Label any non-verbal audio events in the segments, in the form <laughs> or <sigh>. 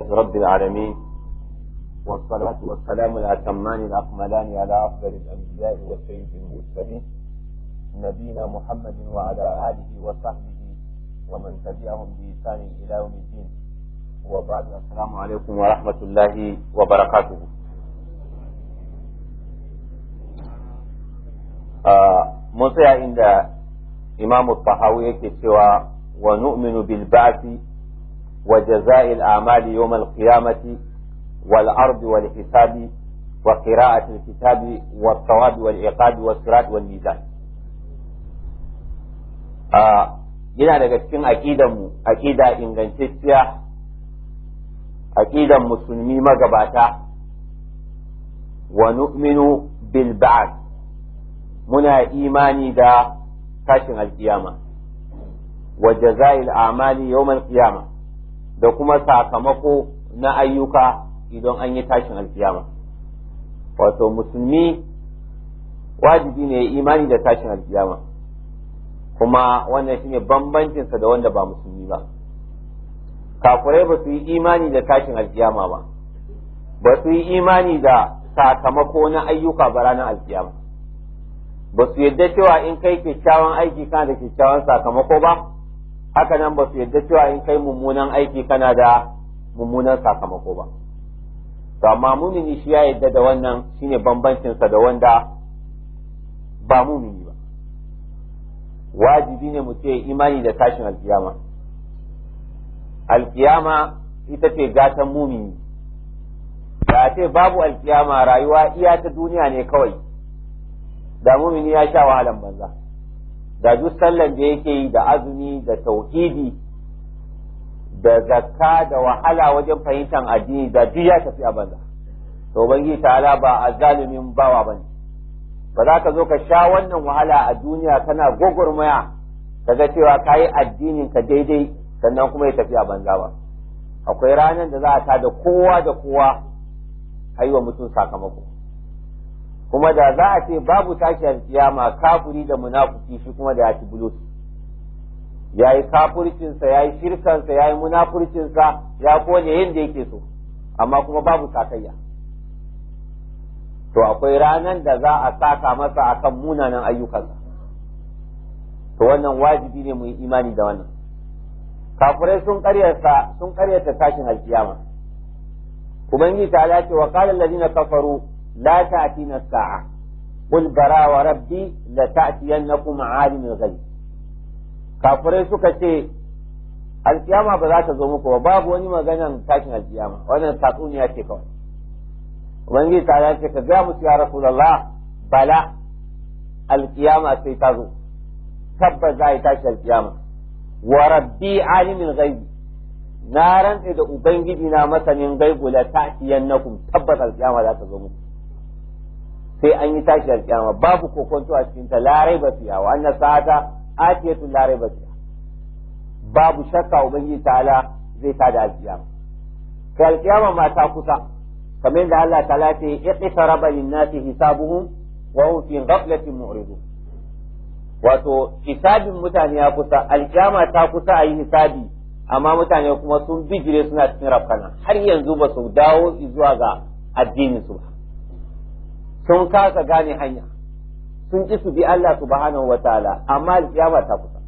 رب العالمين والصلاة والسلام الأتمان الأكملان على أفضل الأنبياء والسيد المرسلين نبينا محمد وعلى آله وصحبه ومن تبعهم بإحسان إلى يوم الدين وبعد السلام عليكم ورحمة الله وبركاته mun آه، عند إمام imamu سوى ونؤمن بالبعث وجزاء الأعمال يوم القيامة والأرض والحساب وقراءة الكتاب والصواب والعقاب والصراط والميزان جينا آه لقد أكيدا أكيدا إن غنشتيا أكيدا مسلمي ما ونؤمن بالبعث منا إيماني دا كاشن القيامة وجزاء الأعمال يوم القيامة da kuma sakamako na ayyuka idan an yi tashin alkiyama wato musulmi wajibi ne ya imani da tashin alkiyama kuma wannan shine bambancinsa da wanda ba musulmi ba kafirai ba su yi imani da tashin alkiyama ba ba su yi imani da sakamako na ayyuka ba ranar alkiyama ba su yadda cewa in kai kyakkyawan aiki kana da kyakkyawan sakamako ba haka nan ba su yadda cewa in kai mummunan aiki kana da mummunan sakamako ba to amma mumini shi ya yadda da wannan shine bambancinsa da wanda ba mumini ba wajibi ne mu ce imani da tashin alkiyama alkiyama ita ce gatan mumini da ce babu alkiyama rayuwa iya ta duniya ne kawai da mumini ya sha wahalan banza da duk sallan da yake yi da azumi da tauhidi da zakka da wahala wajen fahimtar addini da duk ya tafi a banza to ta ta'ala ba zalumin bawa bane ba za ka zo ka sha wannan wahala a duniya kana gwagwarmaya kaga cewa ka yi addinin ka daidai sannan kuma ya tafi a banza ba akwai ranar da za a tada kowa da kowa ka yi wa mutum sakamako kuma da za a ce babu tashiyar kiyama kafuri da munafiki shi kuma da ya ci bulus ya yi kafurcinsa ya yi shirkansa ya yi munafurcinsa ya kone yadda yake so amma kuma babu sakayya to akwai ranar da za a saka masa akan munanan ayyukansa to wannan wajibi ne mu yi imani da wannan kafurai sun karyata sun karyata tashin alkiyama ubangiji ta ce wa qala allazina kafaru لا na sa'a. قل برا وربي لتأتينكم عالم الغيب kafirai suka ce alkiyama ba za ta zo muku ba babu wani maganan tashin alkiyama wannan tatsuniya ce kawai ubangiji ta ce ka ga musu ya rasulullah bala alkiyama sai ta zo tabbas za a yi tashi alkiyama wa rabbi alimin na rantse da ubangiji na masanin gaibu la ta'tiyannakum tabbas alkiyama za ta zo muku sai an yi tashi alkiyama babu kokonto a cikin ta larai ba fiya wa annas sa'ata atiyatu larai ba fiya babu shakka ubangiji ta'ala zai tada alkiyama kai alkiyama ma ta kusa kamar yadda Allah ta'ala ce iqtaraba lin-nasi hisabuhum wa hum fi ghaflatin mu'ridun wato hisabin mutane ya kusa alkiyama ta kusa a yi hisabi amma mutane kuma sun bijire suna cikin rafkana har yanzu ba su dawo zuwa ga addinin su ba sun kasa gane hanya sun ki su bi Allah subhanahu ta'ala amma alkiyama ta kusa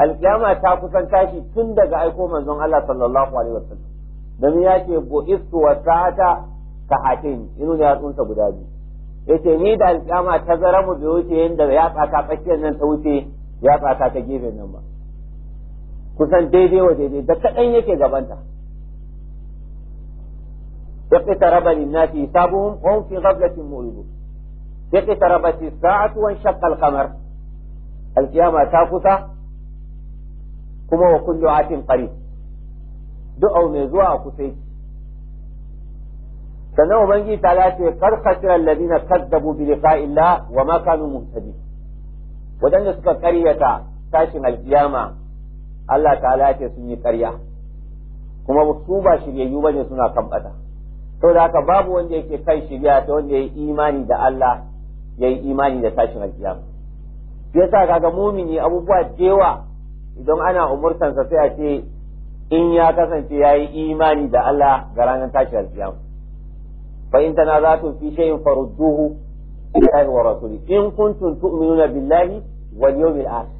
alkiyama ta kusan tashi tun daga aiko manzon Allah sallallahu alaihi wasallam dan ya ce bu'istu wa sa'ata ka hatin inu ne tsunta guda biyu yace ni da alkiyama ta zara mu bi wuce yanda ya tsaka tsakiyar nan ta wuce ya tsaka ta gefen nan ba kusan daidai wa daidai da kadan yake gabanta اقترب للناس حسابهم وهم في غفلة معرضون اقتربت الساعة وانشق القمر القيامة تاكسة كما وكل عات قريب دعوا ميزوا كسي سنو منجي ثلاثة قد خسر الذين كذبوا بلقاء الله وما كانوا مهتدين ودن سكا قرية تاشن القيامة الله تعالى سني قرية كما وصوبة شريعيوبة سنة كبأتا saboda haka babu wanda yake kan shirya ta wanda yayi imani da Allah yayi imani da tashin alkiyama shi yasa kaga mumini abubuwa dewa idan ana umurtansa sai a ce in ya kasance yayi imani da Allah ga ranar tashin alkiyama fa in tanazatum fi shay'in farudduhu lillahi wa rasuli in kuntum tu'minuna billahi wal yawmil akhir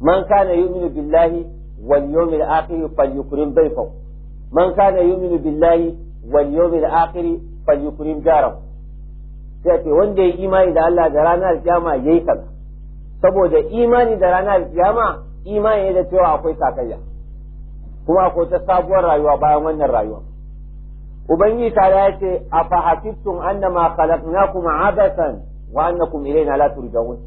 man kana yu'minu billahi wal yawmil akhir falyukrim dayfahu man kana yu'minu billahi wal yawmil akhir falyukrim jarahu sai wanda ya imani da Allah da ranar kiyama yayi kaza saboda imani da ranar kiyama imani ne da cewa akwai sakayya kuma akwai ta sabuwar rayuwa bayan wannan rayuwa ubangiji ta ya ce a fahasibtum annama khalaqnakum abasan wa annakum ilayna la turja'un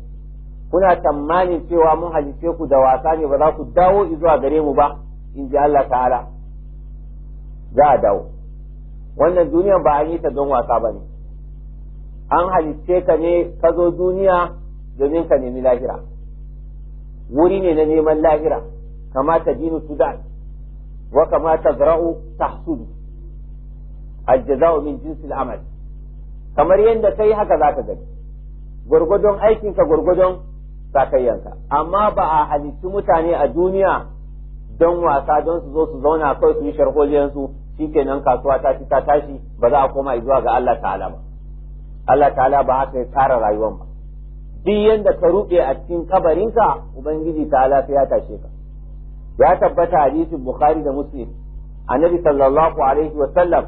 kuna tamani cewa mun halice ku da wasa ne ba za ku dawo zuwa gare mu ba in ji Allah ta'ala za a dawo wannan duniyan ba an yi ta don wasa ba ne an halicce ka ne ka zo duniya domin ka nemi lahira wuri ne na neman lahira kama ta dinu sudan wa kama ta zara'u ta aljaza'u min jinsil amal kamar yadda kai haka za ka gani gwargwadon aikinka gwargwadon sakayyanka amma ba a halicci mutane a duniya don wasa don su zo su zauna kawai su yi sharholiyansu shikenan kasuwa ta ci ta tashi ba za a koma zuwa ga Allah ta'ala ba Allah ta'ala ba haka ya tsara rayuwar ba duk yanda ka ruɗe a cikin kabarinka ubangiji ta'ala sai ya tashe ka ya tabbata hadisin bukhari da muslim annabi sallallahu alaihi wa sallam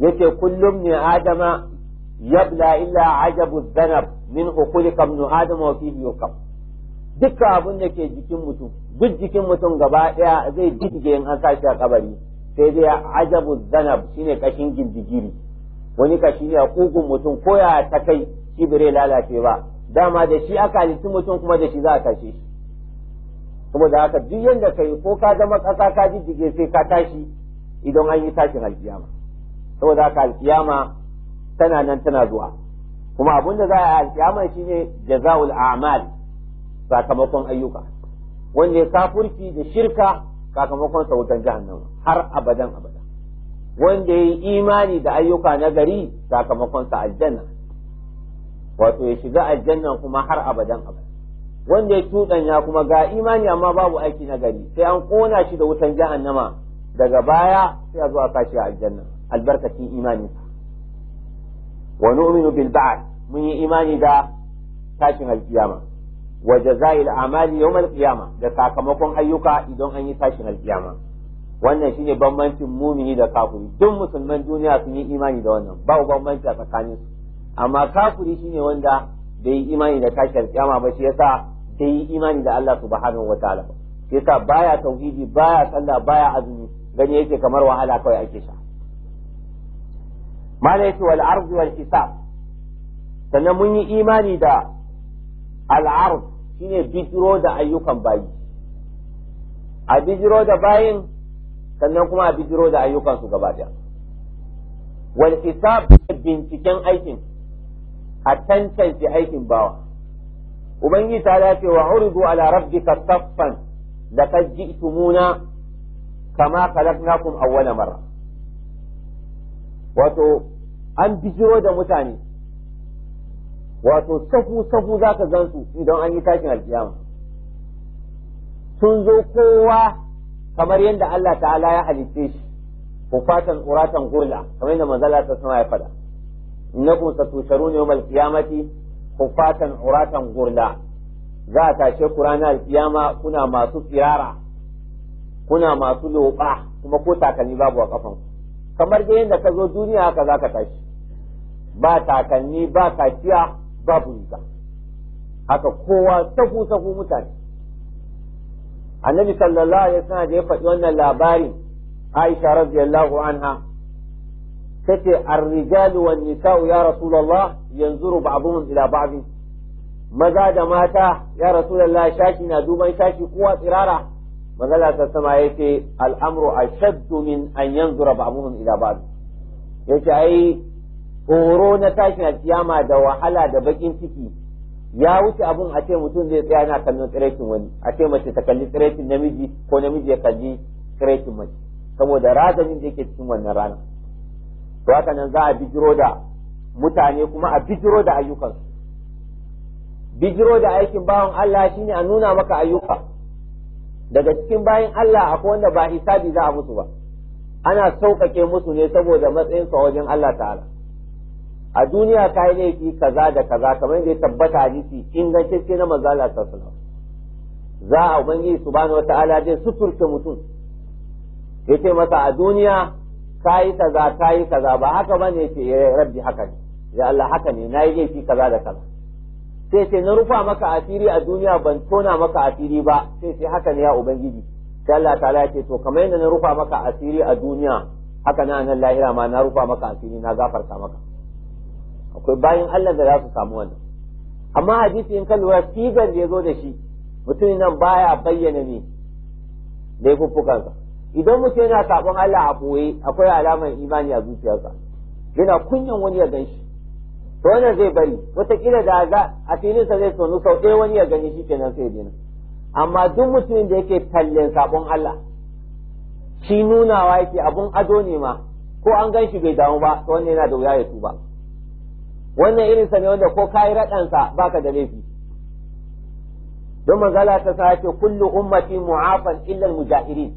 yace kullum ne adama yabla illa ajabu dhanab min kam ibn adama wa fihi yukam dukkan abin da ke jikin mutum duk jikin mutum gaba daya zai jijjige in an sashi a kabari sai dai ajabu zanab shine kashin gindigiri wani kashi ne a kugun mutum ko ya ta kai shi bare lalace ba dama da shi aka halitti mutum kuma da shi za a tashe shi saboda haka duk yanda kai ko ka zama kasa ka jijjige sai ka tashi idan an yi tashin alkiyama saboda haka alkiyama tana nan tana zuwa kuma abin da za a yi alkiyama shine jazaul a'mal sakamakon ayyuka wanda ya kafurci da shirka sakamakon sa wutan jahannama har abadan abada wanda ya yi imani da ayyuka na gari sakamakon sa aljanna wato ya shiga aljanna kuma har abadan abada wanda ya tudanya kuma ga imani amma babu aiki na gari sai an kona shi da wutan jahannama daga baya sai a zo a kashi a aljanna albarkacin imani wa nu'minu bil ba'd mun yi imani da tashin alkiyama wa jazail amali yawmal qiyama da sakamakon ayyuka idan an yi tashin alkiyama wannan shine bambancin mumini da kafiri duk musulman duniya sun yi imani da wannan babu bambanci a tsakanin su amma kafiri shine wanda bai yi imani da tashin alkiyama ba shi yasa bai yi imani da Allah subhanahu wataala ba shi yasa baya tauhidi baya sallah baya azumi gani yake kamar wahala kawai ake sha mala yace wal ardu wal hisab sannan mun yi imani da al ard shine bijiro da ayyukan bayi a bijiro da bayin sannan kuma a bijiro da ayyukan su gabata. daya wal hisab binciken aikin a tantance aikin bawa ubangiji ta dace wa uridu ala rabbika saffan ji tumuna kama khalaqnakum awwala marra wato an bijiro da mutane wato safu safu za ka gansu idan an yi tashin alkiyama sun zo kowa kamar yadda Allah ta'ala ya halitte shi kufatan uratan gurla kamar yadda manzala ta sama ya faɗa innakum satusharuna yawmal qiyamati kufatan uratan gurla za a tashe ku alkiyama kuna masu tsirara kuna masu loba kuma ko takalmi babu a kafan kamar da yadda ka zo duniya haka za ka tashi ba takalmi ba kaciya babu riga haka kowa sahu sahu mutane annabi sallallahu alaihi wasallam da ya faɗi wannan labarin Aisha radiyallahu anha ta ar-rijal wan nisa'u ya rasulullah yanzuru ba'dhum ila ba'd maza da mata ya rasulullah shaki na duban shaki kowa tsirara magana ta sama yace al-amru ashaddu min an yanzura ba'dhum ila ba'd yace ai tsoro na tashin kiyama da wahala da bakin ciki ya wuce abun a ce mutum zai tsaya na kallon tsiraitin wani a ce mace ta kalli tsiraitin namiji ko namiji ya kalli tsiraitin mace saboda razanin da yake cikin wannan rana to haka nan za a bijiro da mutane kuma a bijiro da ayyukan bijiro da aikin bawan Allah shine a nuna maka ayyuka daga cikin bayan Allah akwai wanda ba hisabi za a musu ba ana sauƙaƙe musu ne saboda matsayinsa wajen Allah ta'ala a duniya ka yi laifi kaza da kaza kamar yadda ya tabbata hadisi ingantacce na maza Allah sallallahu alaihi za a ubangiji subhanahu wataala zai suturta mutum Ya ce masa a duniya ka yi kaza ka yi kaza ba haka ba ne ya eh, rabbi haka ne ya Allah haka ne na yi laifi kaza da kaza sai ce na rufa maka asiri a duniya ban tona maka asiri ba sai ce haka ne ya ubangiji sai Allah ta'ala ce to kamar yadda na rufa maka asiri a duniya haka na nan lahira ma na rufa maka asiri na gafarta maka akwai bayan Allah da za su samu wannan amma hadisi in ka lura sigar da ya zo da shi mutumin nan baya bayyana ne da laifuffukansa idan mutum yana sabon Allah a boye akwai alamar imani a zuciyarsa yana kunyan wani ya gan to wannan zai bari wataƙila da za a sa zai sonu sau ɗaya wani ya gani shi kenan sai dina amma duk mutumin da yake tallen sabon Allah shi nunawa yake abun ado ne ma ko an gan shi bai damu ba to wannan yana da wuya ya tuba wannan irin sa ne wanda ko kai radan sa baka da laifi don manzala ta sace kullu ummati mu'afan illa al-mujahirin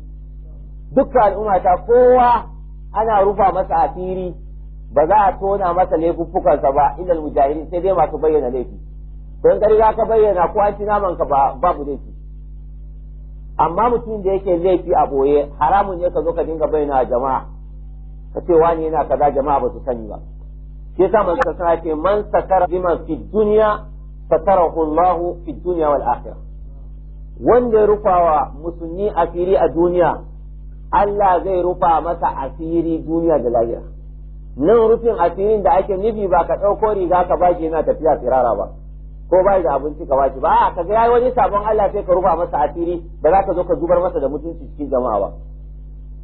dukkan al'umma ta kowa ana rufa masa asiri ba za a tona masa laifuffukansa ba ilal mujahirin sai dai masu bayyana laifi don gari za ka bayyana ko an ci naman ka babu laifi amma mutum da yake laifi a boye haramun ne ka zo ka dinga bayyana jama'a ka ce wani yana kaza jama'a ba su sani ba shi sa manzo sun ce man sakara bima fi dunya satarahu Allah fi dunya wal akhirah wanda ya rufawa musulmi asiri a duniya Allah zai rufa masa asiri duniya da lahira nan rufin asirin da ake nufi ba ka ɗauko riga ka ba shi yana tafiya tsirara ba ko ba da abinci ka ba shi ba a ka ga yayi wani sabon Allah sai ka rufa masa asiri da za ka zo ka zubar masa da mutunci cikin jama'a ba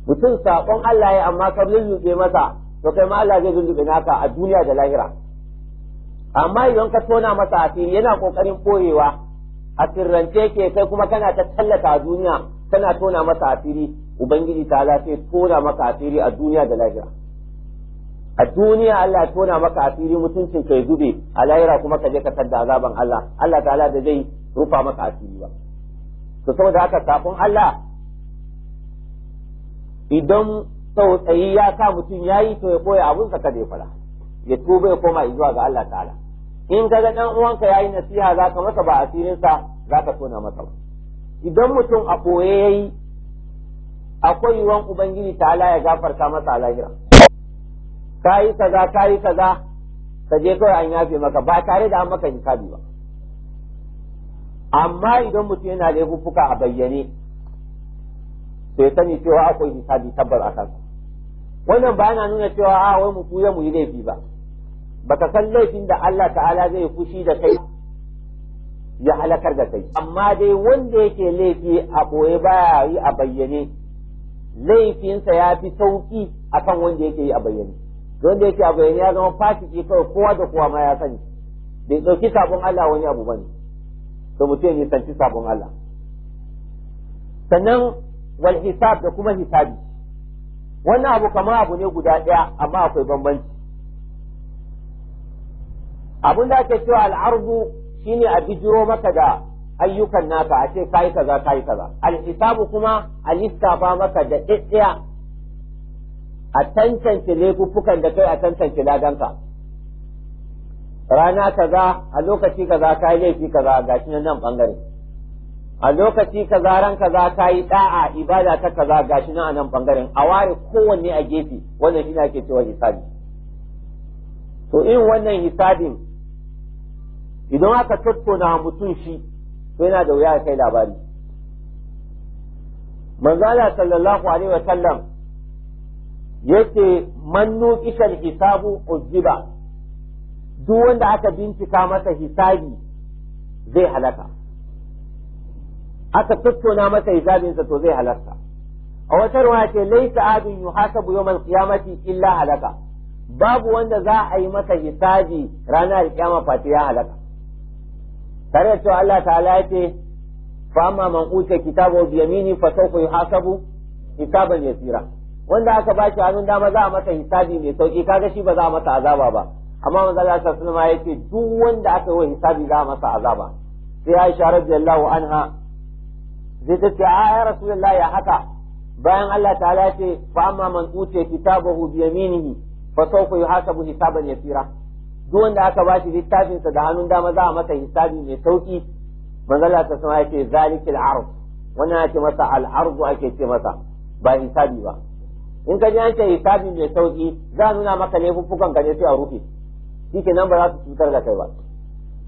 mutum sabon Allah ya amma ka lulluɓe masa to kai ma Allah zai lullube naka a duniya da lahira amma idan ka tona masa asiri yana kokarin koyewa a sirrance ke kai kuma kana ta tallata a duniya kana tona masa asiri ubangiji ta Allah sai tona maka asiri a duniya da lahira a duniya Allah tona maka asiri mutuncin kai zube a lahira kuma ka je ka tadda azaban Allah Allah ta'ala da zai rufa maka asiri ba to saboda haka kafin Allah idan sau tsayi ya sa mutum ya yi to ya koya abun sa kada fara ya tuba ya koma zuwa ga Allah ta'ala in ka ga dan uwanka yayi nasiha zaka masa ba asirin sa zaka tona masa ba idan mutum a koye yayi akwai yiwuwan ubangiji ta'ala ya gafarta masa lahira kayi kaza kayi kaza ka je kawai an yafe maka ba tare da an maka hisabi ba amma idan mutum yana laifuffuka a bayyane sai sani cewa akwai hisabi tabbar a kansa wannan ba yana nuna cewa a ah, wai mu kuya mu yi laifi ba baka san laifin da Allah ta'ala zai fushi da kai ya halakar da kai amma dai wanda yake laifi a boye baya yi a bayyane laifinsa ya fi sauki akan wanda yake yi a bayyane wanda yake a bayyane ya zama fasiki kawai kowa da kowa ma ya sani bai ɗauki sabon Allah wani abu bane to mutum ya nisanci sabon Allah sannan wal hisab da kuma hisabi wannan abu kamar abu ne guda ɗaya amma akwai bambanci abin da ake cewa al'arzu shine a bijiro maka da ayyukan naka a ce kayi kaza kayi kaza al'isabu kuma a lissafa maka da ɗaya a tantance laifuffukan da kai a tantance ladanka rana kaza a lokaci kaza kayi laifi kaza gashi nan nan ɓangare. a lokaci kaza ran kaza ka yi da'a ibada ta kaza gashi nan a nan bangaren a ware kowanne a gefe wannan shi ne ake cewa hisabi to in wannan hisabin idan aka tattauna mutum shi to yana da wuya kai labari manzala sallallahu alaihi wa sallam yace man nuqishal hisabu uzziba duk wanda aka bincika masa hisabi zai halaka aka tattauna masa hisabinsa to zai halarta a wata ruwa ce laisa abin yuhasabu yawmal qiyamati illa halaka babu wanda za a yi masa hisabi ranar kiyama fati ya halaka tare da Allah ta'ala ya ce fa amma man uta kitabu bi yamini fa sawfa yuhasabu hisaban yasira wanda aka ba shi hannun dama za a masa hisabi mai sauki kaga shi ba za a masa azaba ba amma manzo Allah sallallahu alaihi wasallam ya ce duk wanda aka yi hisabi za a masa azaba sai Aisha radiyallahu anha zai ta ce a ya rasulullah ya haka bayan Allah ta'ala ce fa amma man utiya kitabu bi yaminihi fa sawfa yuhasabu hisaban yasira duk wanda aka ba shi littafin sa da hannun dama za a masa hisabi mai sauki manzo Allah ta sama yake zalikil arz wannan ake masa al arzu ake ce masa ba hisabi ba in ka ji an ce hisabi mai sauki za a nuna maka laifuffukan ka ne sai a rufe shi nan ba za su cutar da kai ba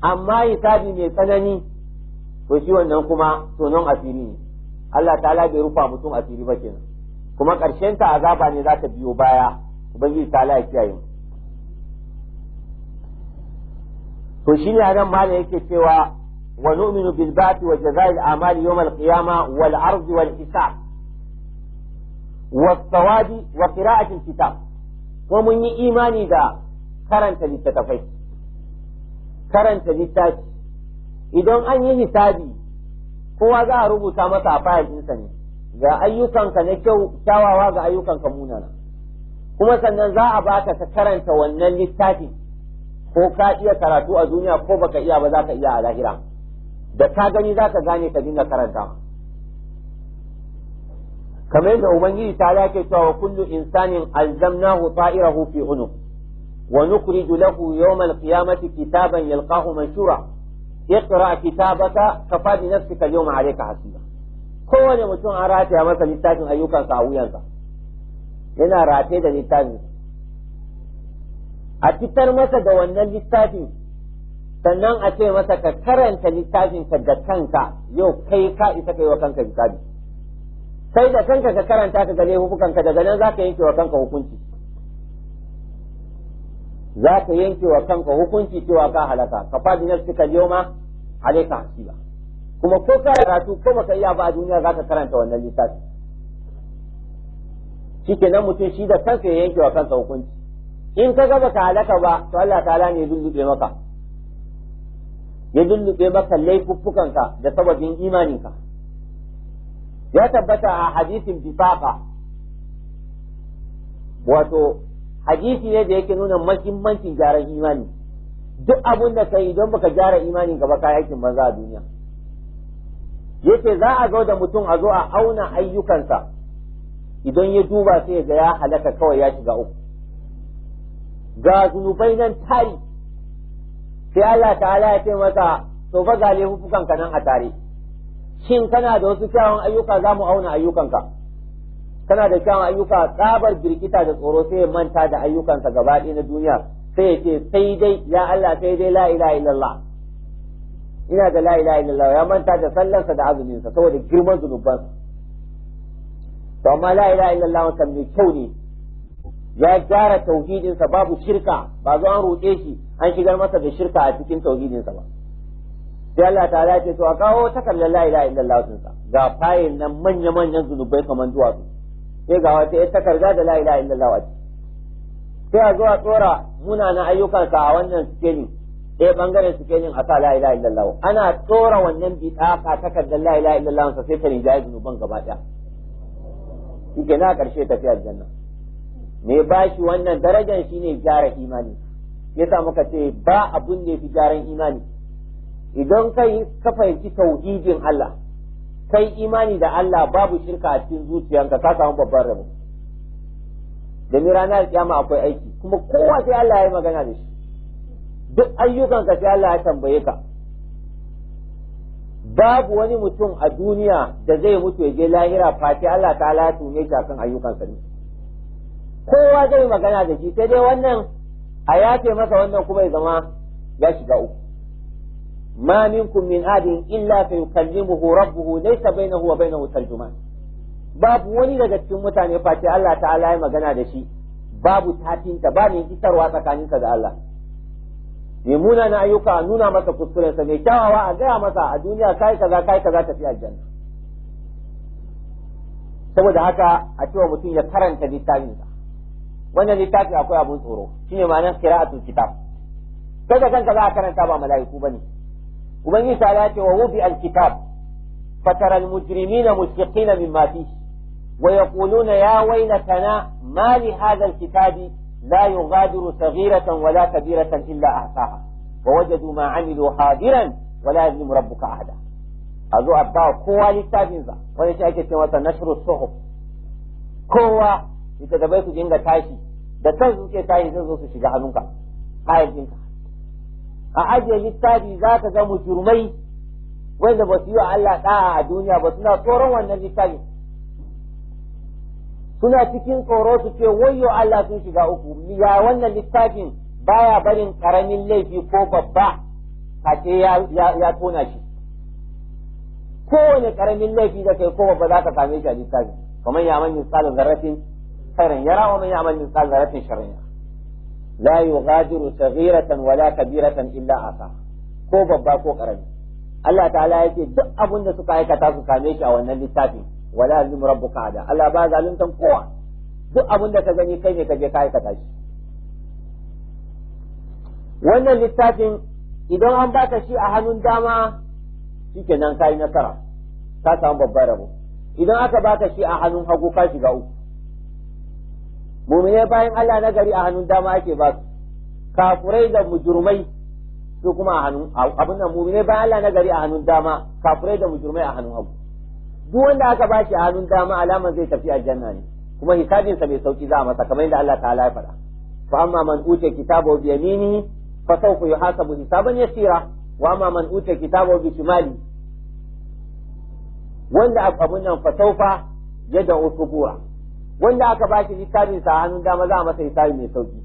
amma hisabi mai tsanani to shi wannan kuma tonon asiri ne Allah ta'ala bai rufa mutum asiri ba kenan kuma ƙarshen ta azaba ne za ta biyo baya ubangiji ta'ala ya kiyaye to shi ne anan malam yake cewa wa nu'minu bil ba'thi wa a'mali yawm al wal ard wal hisab wa thawabi wa qira'ati kitab ko mun yi imani da karanta karanta idan an yi hisabi kowa za a rubuta masa a fayil ɗinsa ne ga ayyukanka na kyau kyawawa ga ayyukanka munana kuma sannan za a baka ka karanta wannan littafi ko ka iya karatu a duniya ko baka iya ba za ka iya a lahira da ka gani za ka gane ka dinga karanta kamar yadda ubangiji ta lake cewa wa kullu insanin alzamnahu ta'irahu fi unuk wa nukhriju lahu yawmal qiyamati kitaban yalqahu manshura اقرا كتابك كفى بنفسك اليوم عليك حسيبا كون mutum an rataya masa littafin ayyukansa a wuyansa yana rataye da littafin a fitar masa da wannan littafin sannan a ce masa ka karanta littafin ka da kanka yau kai ka isa kai wa kanka littafi sai da kanka ka karanta ka ga laifukanka daga nan za ka yanke wa kanka hukunci za ka yanke wa kanka hukunci cewa ka halaka ka fadi nafsika ka alayka hasiba kuma ko ka karatu ko baka iya ba a duniya za ka karanta wannan littafi nan mutum shi da kansa ya yanke wa kansa hukunci in ka gaba ka halaka ba to Allah ta'ala ne ya dullube maka ya dullube maka laifuffukanka da sababin imanin ka. ya tabbata a hadisin bifaqa wato hadisi ne da yake nuna mahimmancin gyaran imani duk abin da kai don baka gyara imanin ka ba ka aikin banza a duniya yace za a zo da mutum a zo a auna ayyukansa idan ya duba sai ga ya halaka kawai ya shiga uku ga zunubai nan tari sai Allah ta'ala ya ce masa to fa ga laifukan ka nan a tare shin kana da wasu kyawun ayyuka za mu auna ka. tana da kyawun ayyuka tsabar birkita da tsoro sai ya manta da ayyukansa gaba ɗaya na duniya sai ya ce sai dai ya Allah sai dai la ilaha illallah ina da la ilaha illallah ya manta da sallansa da azuminsa saboda girman zunubansa to amma la ilaha illallah wata mai kyau ne ya gyara tauhidinsa babu shirka ba zo an roƙe shi an shigar masa da shirka a cikin tauhidinsa ba sai Allah ta ce to a kawo takardar la ilaha illallah sa ga fayin nan manya-manyan zunubai kamar duwatsu sai ga wata ya takarda da la ilaha illallah a sai a zo a tsora munanan ayyukanka a wannan sikenin ɗaya bangaren sikenin a sa la ilaha illallah ana tsora wannan ka takarda la ilaha illallah sa sai ta rinjaye zunuban gaba ɗaya shike na ƙarshe tafiya janna me ba shi wannan darajar shine gyara imani yasa muka ce ba abun da yafi gyaran imani idan kai ka fahimci tauhidin Allah kai imani da Allah babu shirka a cikin zuciyanka ka samu babban rabo rana da kiyama akwai aiki kuma kowa sai Allah ya yi magana da shi duk ayyukanka sai Allah ya tambaye ka babu wani mutum a duniya da zai mutu ya je lahira fati Allah ta ya tume shi akan ayyukansa ne kowa zai magana da shi sai dai wannan a yafe masa wannan kuma ya zama ya shiga uku ما منكم من أحد إلا فيكلمه ربه ليس بينه وبينه ترجمان باب وني daga cikin mutane face Allah ta'ala ya magana da shi babu tafinta ba ne isarwa tsakaninka da Allah mai munana ayyuka a nuna masa kuskurensa mai kyawawa a gaya masa a duniya kai kaza kai kaza tafi aljanna saboda haka a cewa mutum ya karanta littafinsa wannan littafi akwai abun tsoro shine ma'anar qira'atul kitab kada kanka za a karanta ba mala'iku bane ubangiji ta ce wa wubi alkitab fatara almujrimina mushfiqina mimma fihi wa yaquluna ya waylatana ma li hadha alkitabi la yughadiru saghiratan wala kabiratan illa ahsaha wa wajadu ma amilu hadiran wala yazlimu rabbuka ahada a zo a ba kowa littafinsa wani shi ake ce masa nashru suhuf kowa ita da bai su dinga tashi da kan suke tashi zai zo su shiga hannunka ayar ɗinka a ajiye littafi za ka ga mujurmai wanda ba su yi wa Allah da'a a duniya ba suna tsoron wannan littafi suna cikin tsoro su ce wayo Allah sun shiga uku ya wannan littafin baya barin karamin laifi ko babba a ya ya tona shi kowane karamin laifi da kai ko babba za ka same shi a littafi kamar ya man misalin zarafin khairan yara wa man ya man misalin zarafin sharanya. la yughadiru saghiratan wala kabiratan illa asa ko babba ko karami Allah ta'ala yake duk abin da suka aikata su same shi a wannan littafi wala azim rabbuka ada Allah ba zaluntan kowa duk abin da ka gani kai ne ka je ka aikata shi wannan littafin idan an baka shi a hannun dama shikenan kai nasara ka samu babban rabo idan aka baka shi a hannun hagu ka shiga uku mu'minai bayan Allah na gari a hannun dama ake ba su kafurai da mujurmai su kuma a hannun abin nan mu'minai bayan Allah na gari a hannun dama kafurai da mujurmai a hannun hagu duk wanda aka ba shi a hannun dama alaman zai tafi aljanna ne kuma sa mai sauki za a masa kamar yadda Allah ta'ala ya faɗa fa amma man uta kitabo bi yamini fa sawfa yuhasabu hisaban yasira wa amma man uta kitabo bi shimali wanda abun nan fasaufa sawfa da usubura wanda aka bashi littafin sa hannu dama za a masa hisabi mai sauki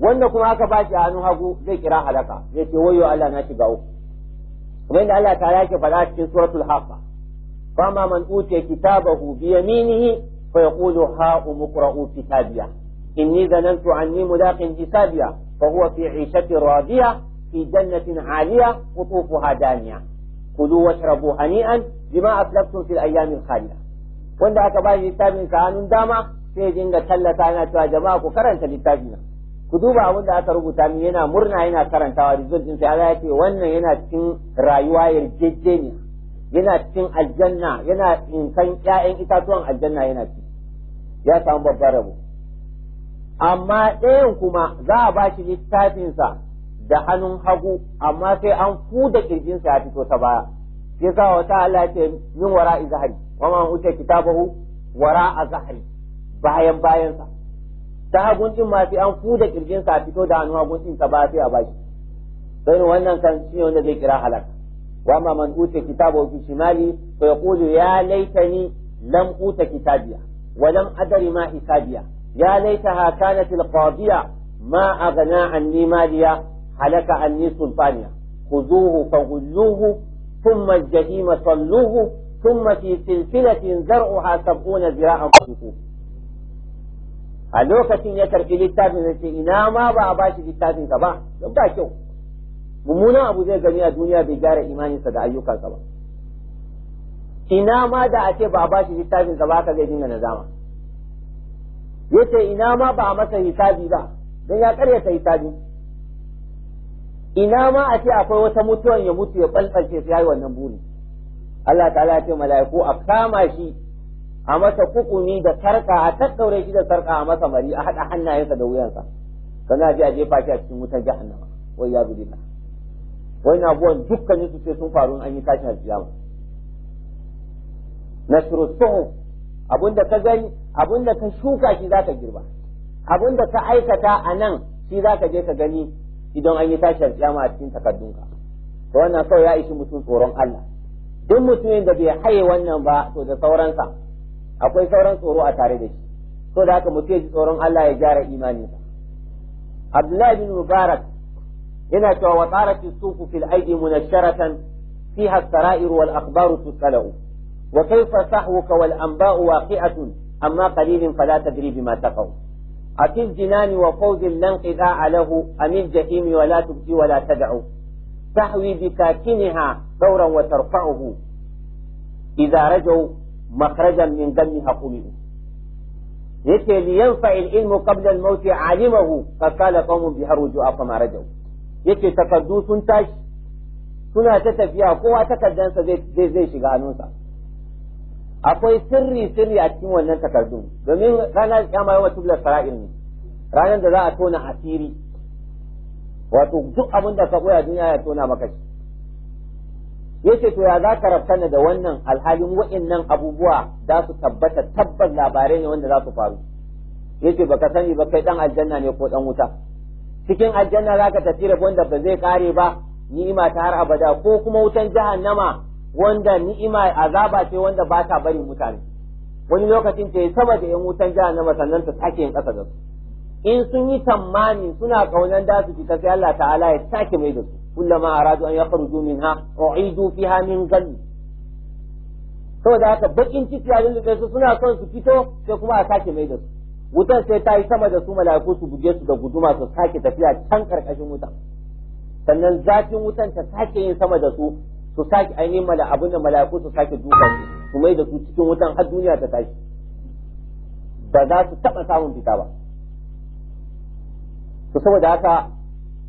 wanda kuma aka bashi a hannun hagu zai kira halaka zai ce wayo Allah na shiga uku kuma inda Allah ta yake fara cikin suratul haqqa fama man utiya kitabahu bi yaminihi fa yaqulu ha umqra'u kitabiya inni zanantu anni mulaqin kitabiya fa huwa fi 'ishatin radiya fi jannatin 'aliya qutufuha daniya kulu washrabu hani'an bima aslaftum fil ayyamil khaliyah wanda aka ba shi littafin sa hannun dama sai ya dinga tallata yana cewa jama'a ku karanta littafin nan ku duba abin da aka rubuta min yana murna yana karantawa result din sai ya ce wannan yana cikin rayuwa yarjejeniya yana cikin aljanna yana tsinkan ƴaƴan itatuwan aljanna yana ci ya samu babbar rabo amma ɗayan kuma za a ba shi littafinsa da hannun hagu amma sai an fuda kirjinsa ya fito ta baya sai sa wata Allah ya ce min wara zahari wa man uta kitabahu wara a zahri bayan bayansa ta hagun din ma sai an fuda kirjin sa fito da hannu hagun din sa ba sai a bashi sai wannan kan shi wanda zai kira halaka wa ma man uta kitabahu bi shimali fa yaqulu ya laitani lam uta kitabiya wa lam adri ma hisabiya ya laitaha kanat alqadiya ما أغنى عني ماليا هلك عني سلطانيا خذوه فغلوه ثم الجحيم صلوه ثم في سلسلة زرعها سبعون ذراعا فسقوه a lokacin ya karfi littafin da ce ina ma ba a bashi littafin ka ba don ba kyau mummunan abu zai gani a duniya bai gyara imaninsa da ayyukansa ba ina ma da a ce ba a bashi littafin ka ba ka zai dinga Ya ce ina ma ba a masa hisabi ba don ya karyata hisabi ina ma a ce akwai wata mutuwan ya mutu ya balbalce su yayi wannan buri Allah ta'ala ya ce mala'iku a kama shi a masa kukumi da sarka a tattaure shi da sarka a masa mari a haɗa hannayensa da wuyansa sannan a a jefa shi a cikin wutar jahannama wai ya zubi ta wai na buwan dukkanin su sai sun faru an yi tashin alkiyama na suhu abinda ka gani abinda ka shuka shi zaka girba abinda ka aikata a nan shi zaka je ka gani idan an yi tashin alkiyama a cikin takaddunka to wannan kawai ya ishi mutum tsoron Allah duk mutumin da bai haye wannan ba to da sauransa akwai sauran tsoro a tare da shi So da haka mutum ji tsoron Allah ya gyara imaninsa Abdullahi bin Mubarak yana cewa wa tsarati suku fil aidi munasharatan fiha as-sara'ir wal akhbaru tusalu wa kayfa sahwuka wal anba'u waqi'atun amma qalilin fala tadri bima taqaw أتي الجنان وفوز لا انقضاء له أم الجحيم wala تبكي ولا تدعو تحوي بكاكنها ثورا وترفعه إذا رجوا مخرجا من دمها قلئوا يكي لينفع العلم قبل الموت عالمه فقال قوم بهروج أفا ما رجوا يكي تقدوس تاش سنة تتفيا قوة تقدنس زي زي شغال نوسا أقول سري سري أتيم وننتقدون دمين رانا كما يوتب لسرائل رانا دلاء أكون حسيري wato duk abin da ka koya duniya ya tona maka shi yace to ya za ka rabtana da wannan alhalin wa'annan abubuwa za su tabbata tabbas labarai ne wanda za su faru yace ka sani ba kai dan aljanna ne ko dan wuta cikin aljanna za ka tafi da wanda ba zai kare ba ni'ima ta har abada ko kuma wutan jahannama wanda ni'ima azaba ce wanda ba ta bari mutane wani lokacin ce sama da yan wutan jahannama sannan ta sake yin kasa da su in sun yi tammani suna kaunan da su fita sai Allah ta'ala ya sake mai da su kullama aradu an yakhruju minha u'idu fiha min ghall saboda haka bakin ciki a lullube su suna son su fito sai kuma a sake mai da su wutar sai ta yi sama da su mala'iku su buge su da guduma su sake tafiya can karkashin wutan sannan zafin wutan ta sake yin sama da su su sake ainihin mala abin da mala'iku su sake dukan su su mai da su cikin wutan har duniya ta tashi ba za su taɓa samun fita ba to saboda haka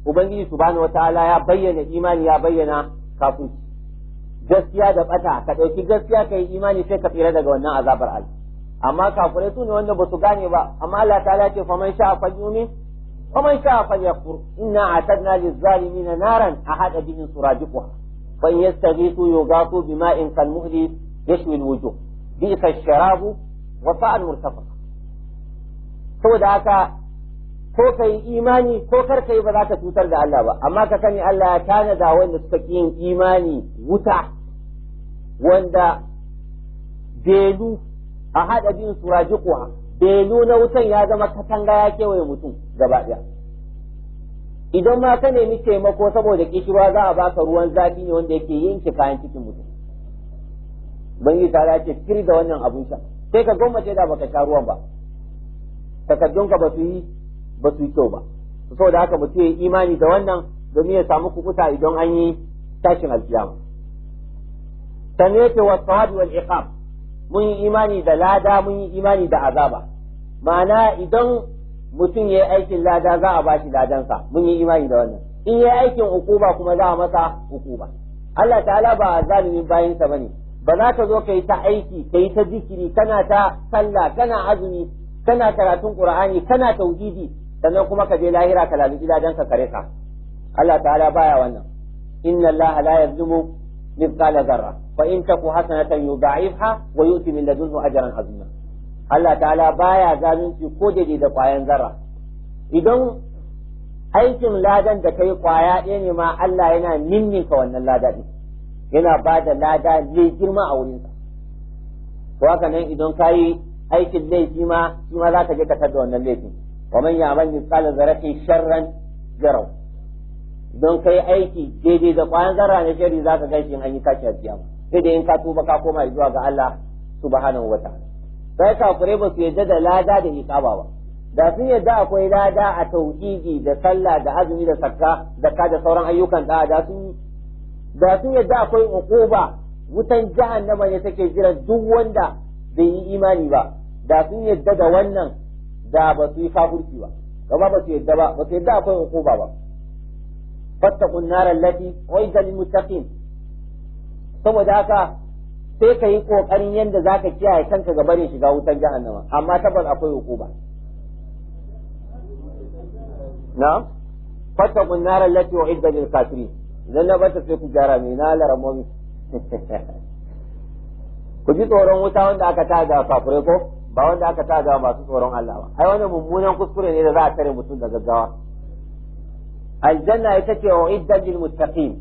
ubangiji subhanahu wataala ya bayyana imani ya bayyana kafin gaskiya da bata ka dauki gaskiya kai imani sai ka tsira daga wannan azabar al amma kafirai su ne wanda ba su gane ba amma Allah ta ce man sha'a fa man sha'a falyakfur inna atadna lizzalimina naran ahada bihim suradiquha fa yastaghiithu yughathu bima'in kalmuhli yashwi alwujuh bi'sa ash-sharabu wa sa'al murtafaq saboda haka ko ka yi imani ko kar ka yi ba za ka cutar da Allah ba amma ka sani Allah ya tana da wanda suka ƙi yin imani wuta wanda belu a haɗa bin surajiƙuwa belu na wutan ya zama katanga ya kewaye mutum gaba ɗaya idan ma ka nemi taimako saboda kishirwa za a baka ruwan zafi ne wanda yake yanke kayan cikin mutum ubangiji ta ce fir da wannan abun sha sai ka gwammace da baka sha ruwan ba takaddunka ba su yi ba su yi kyau ba saboda haka mutum ya imani da wannan domin ya samu kukuta idan an yi tashin alkiyama sannan yake wa sahabi wal iqab mun yi imani da lada mun yi imani da azaba ma'ana idan mutum ya yi aikin lada za a bashi ladansa mun yi imani da wannan in ya yi aikin ukuba kuma za a masa ukuba Allah ta'ala ba a zalimin bayinsa bane ba za ka zo ka yi ta aiki ka yi ta zikiri kana ta sallah kana azumi kana karatun qur'ani kana tauhidi sannan kuma ka je lahira ka lalubi ladan ka kare ka Allah ta'ala baya wannan inna Allah la yazlimu mithqala zarra fa in taku hasanatan yudha'ifha wa yu'ti min ladunhu ajran azima Allah ta'ala baya zalunci ko daidai da kwayan zarra idan aikin ladan da kai kwaya ɗaya ne ma Allah yana ninninka wannan lada ɗin yana ba da lada mai girma a wurinsa to haka nan idan ka yi aikin laifi ma shi ma za ka je ka tada wannan laifin wa man ya'mal mithqala dharratin sharran yarau don kai aiki daidai da kwayan zarra na shari zaka ganshi in an yi kashi alkiyama sai da in ka tuba ka koma zuwa ga Allah subhanahu ta'ala sai ka kure ba su yadda da lada da iqaba ba da sun yadda akwai lada a tauhidi da sallah da azumi da sakka ka da sauran ayyukan da da sun da sun yadda akwai uquba wutan jahannama ne take jira duk wanda bai yi imani ba da sun yadda da wannan da ba su yi kafurci ba gaba ba su yadda ba ba su yadda akwai hukuma ba fattaqun nar allati uidda lil muttaqin saboda haka sai ka yi kokarin yadda zaka kiyaye kanka ga ne shiga wutar jahannama amma tabbas akwai hukuma na'am fattaqun lati wa uidda lil kafirin idan na bata sai ku gyara me na laramomi <laughs> ku ji tsoron wuta wanda aka tada kafirai ko ba wanda aka ta ga masu tsoron Allah ba ai wannan mummunan kuskure ne da za a tare mutum da gaggawa aljanna ita ce wa iddan lil muttaqin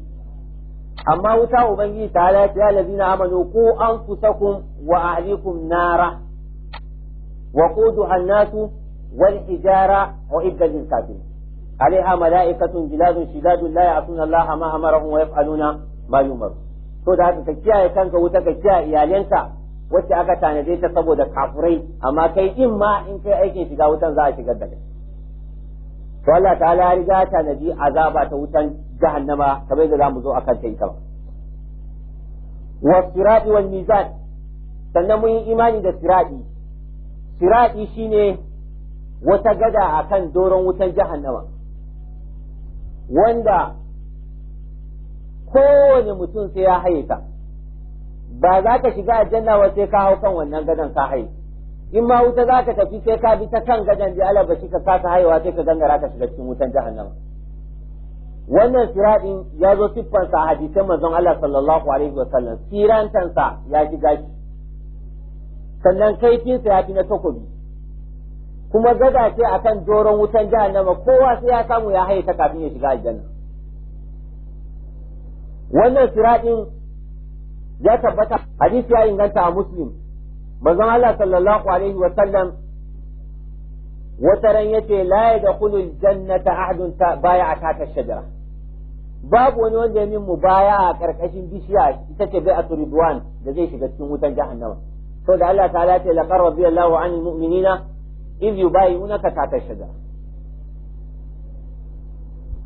amma wuta ubangiji ta ala ya lazina amanu ku anfusakum wa ahlikum nara wa quduha an-nasu wal ijara wa iddan lil kafirin a ملائكة جلاد شداد لا يعصون الله ما أمرهم ويفعلون ما يؤمر to da haka ka kiyaye kanka wuta ka kiyaye iyalenka wacce aka tanade ta saboda kafurai amma kai in ma in kai aikin shiga wutan za a shigar da kai to Allah ta'ala ya riga tanaji azaba ta wutan jahannama kamar da zamu zo akan ta ita ba wasirati wal mizan sannan mun yi imani da sirati sirati shine wata gada akan doron wutan jahannama wanda kowane mutum sai ya haye ta ba za ka shiga aljanna ba sai ka hau kan wannan gadon ka haihu. in ma wuta za ka tafi sai ka bi ta kan gadon da Allah bashi ka kasa haihuwa sai ka gangara ka shiga cikin wutan jahannama wannan siradin ya zo siffansa a hadisan manzon Allah sallallahu alaihi wasallam sirantansa ya ji gashi sannan kaifinsa ya fi na takobi kuma gada ce akan doron wutan jahannama kowa sai ya samu ya haye ta kafin ya shiga aljanna wannan siradin ya tabbata hadisi ya inganta a muslim manzon Allah sallallahu alaihi wa sallam wata ran yace la yadkhulu aljannata ahadun baya ta ta shajara babu wani wanda ya min baya a karkashin bishiya ita ce bai aturidwan da zai shiga cikin wutan jahannama saboda Allah ta'ala ya ce laqad radiyallahu anil mu'minina idh yubayyi'unaka ta ta shajara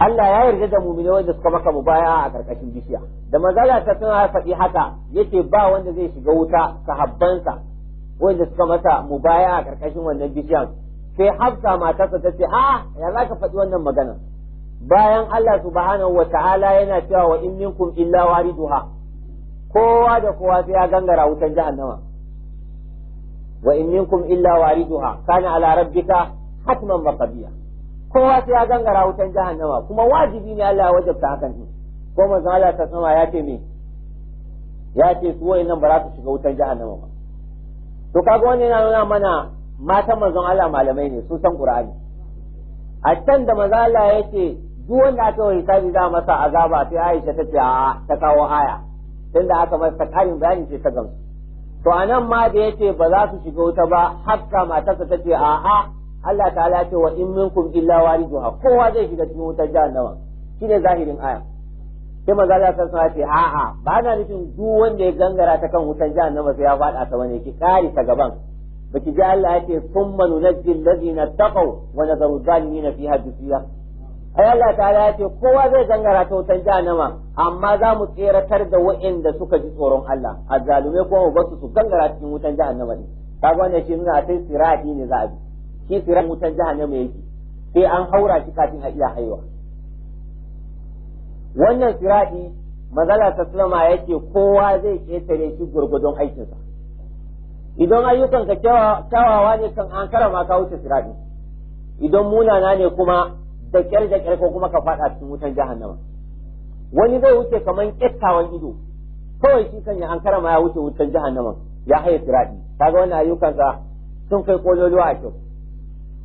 Allah ya yarda da mu'mini wanda suka maka mubaya a ƙarƙashin bishiya da manzala ta suna faɗi haka yace ba wanda zai shiga wuta sahabbansa wanda suka masa mubaya a karkashin wannan bishiyan sai hafsa matarsa ta ce a ah, ya za ka faɗi wannan magana bayan Allah subhanahu wa ta'ala yana cewa wa in minkum illa wariduha kowa da kowa sai ya gangara wutan jahannama wa in minkum illa wariduha kana ala rabbika hatman biya. kowa sai ya gangara wutan jahannama kuma wajibi ne Allah ya wajabta hakan din ko manzo Allah ta sama ya ce me ya ce su wayannan ba za su shiga wutan jahannama ba to kaga wannan yana nuna mana matan manzon Allah malamai ne sun san Qur'ani a can da maza Allah ya ce duk wanda aka yi hisabi za masa azaba sai Aisha ta ce a ta kawo haya, tunda aka ta karin bayani ce ta gamsu to anan ma da yace ba za su shiga wuta ba hakka matarsa ta ce a'a Allah ta'ala ce wa in minkum illa wariduha kowa zai shiga cikin wutar jahannama shine zahirin aya sai manzo Allah sallallahu alaihi wasallam ce a'a ba na nufin duk wanda ya gangara ta kan wutar jahannama sai ya fada ta bane ki kare ta gaban baki ji Allah ya ce thumma nunajji allazina taqaw wa nadharu zalimina fiha jithiya ai Allah ta'ala ya ce kowa zai gangara ta wutar jahannama amma za mu tseratar da waɗanda suka ji tsoron Allah azzalume kuma ba su su gangara cikin wutar jahannama ne kaga wannan shi nuna a sai siradi ne za a bi shi siran wutan mai yake sai an haura shi kafin a iya haiwa wannan siradi mazala ta sulama yake kowa zai ƙetare shi gurgudun aikinsa idan ayyukan ka kyawawa ne kan an kara ka wuce siradi idan munana ne kuma da kyar da kyar ko kuma ka fada cikin wutan jahannama wani zai wuce kamar kyattawan ido kawai shi kan ya an ma ya wuce wutan jahannama ya haye siradi kaga wannan ayyukansa sun kai kololuwa a kyau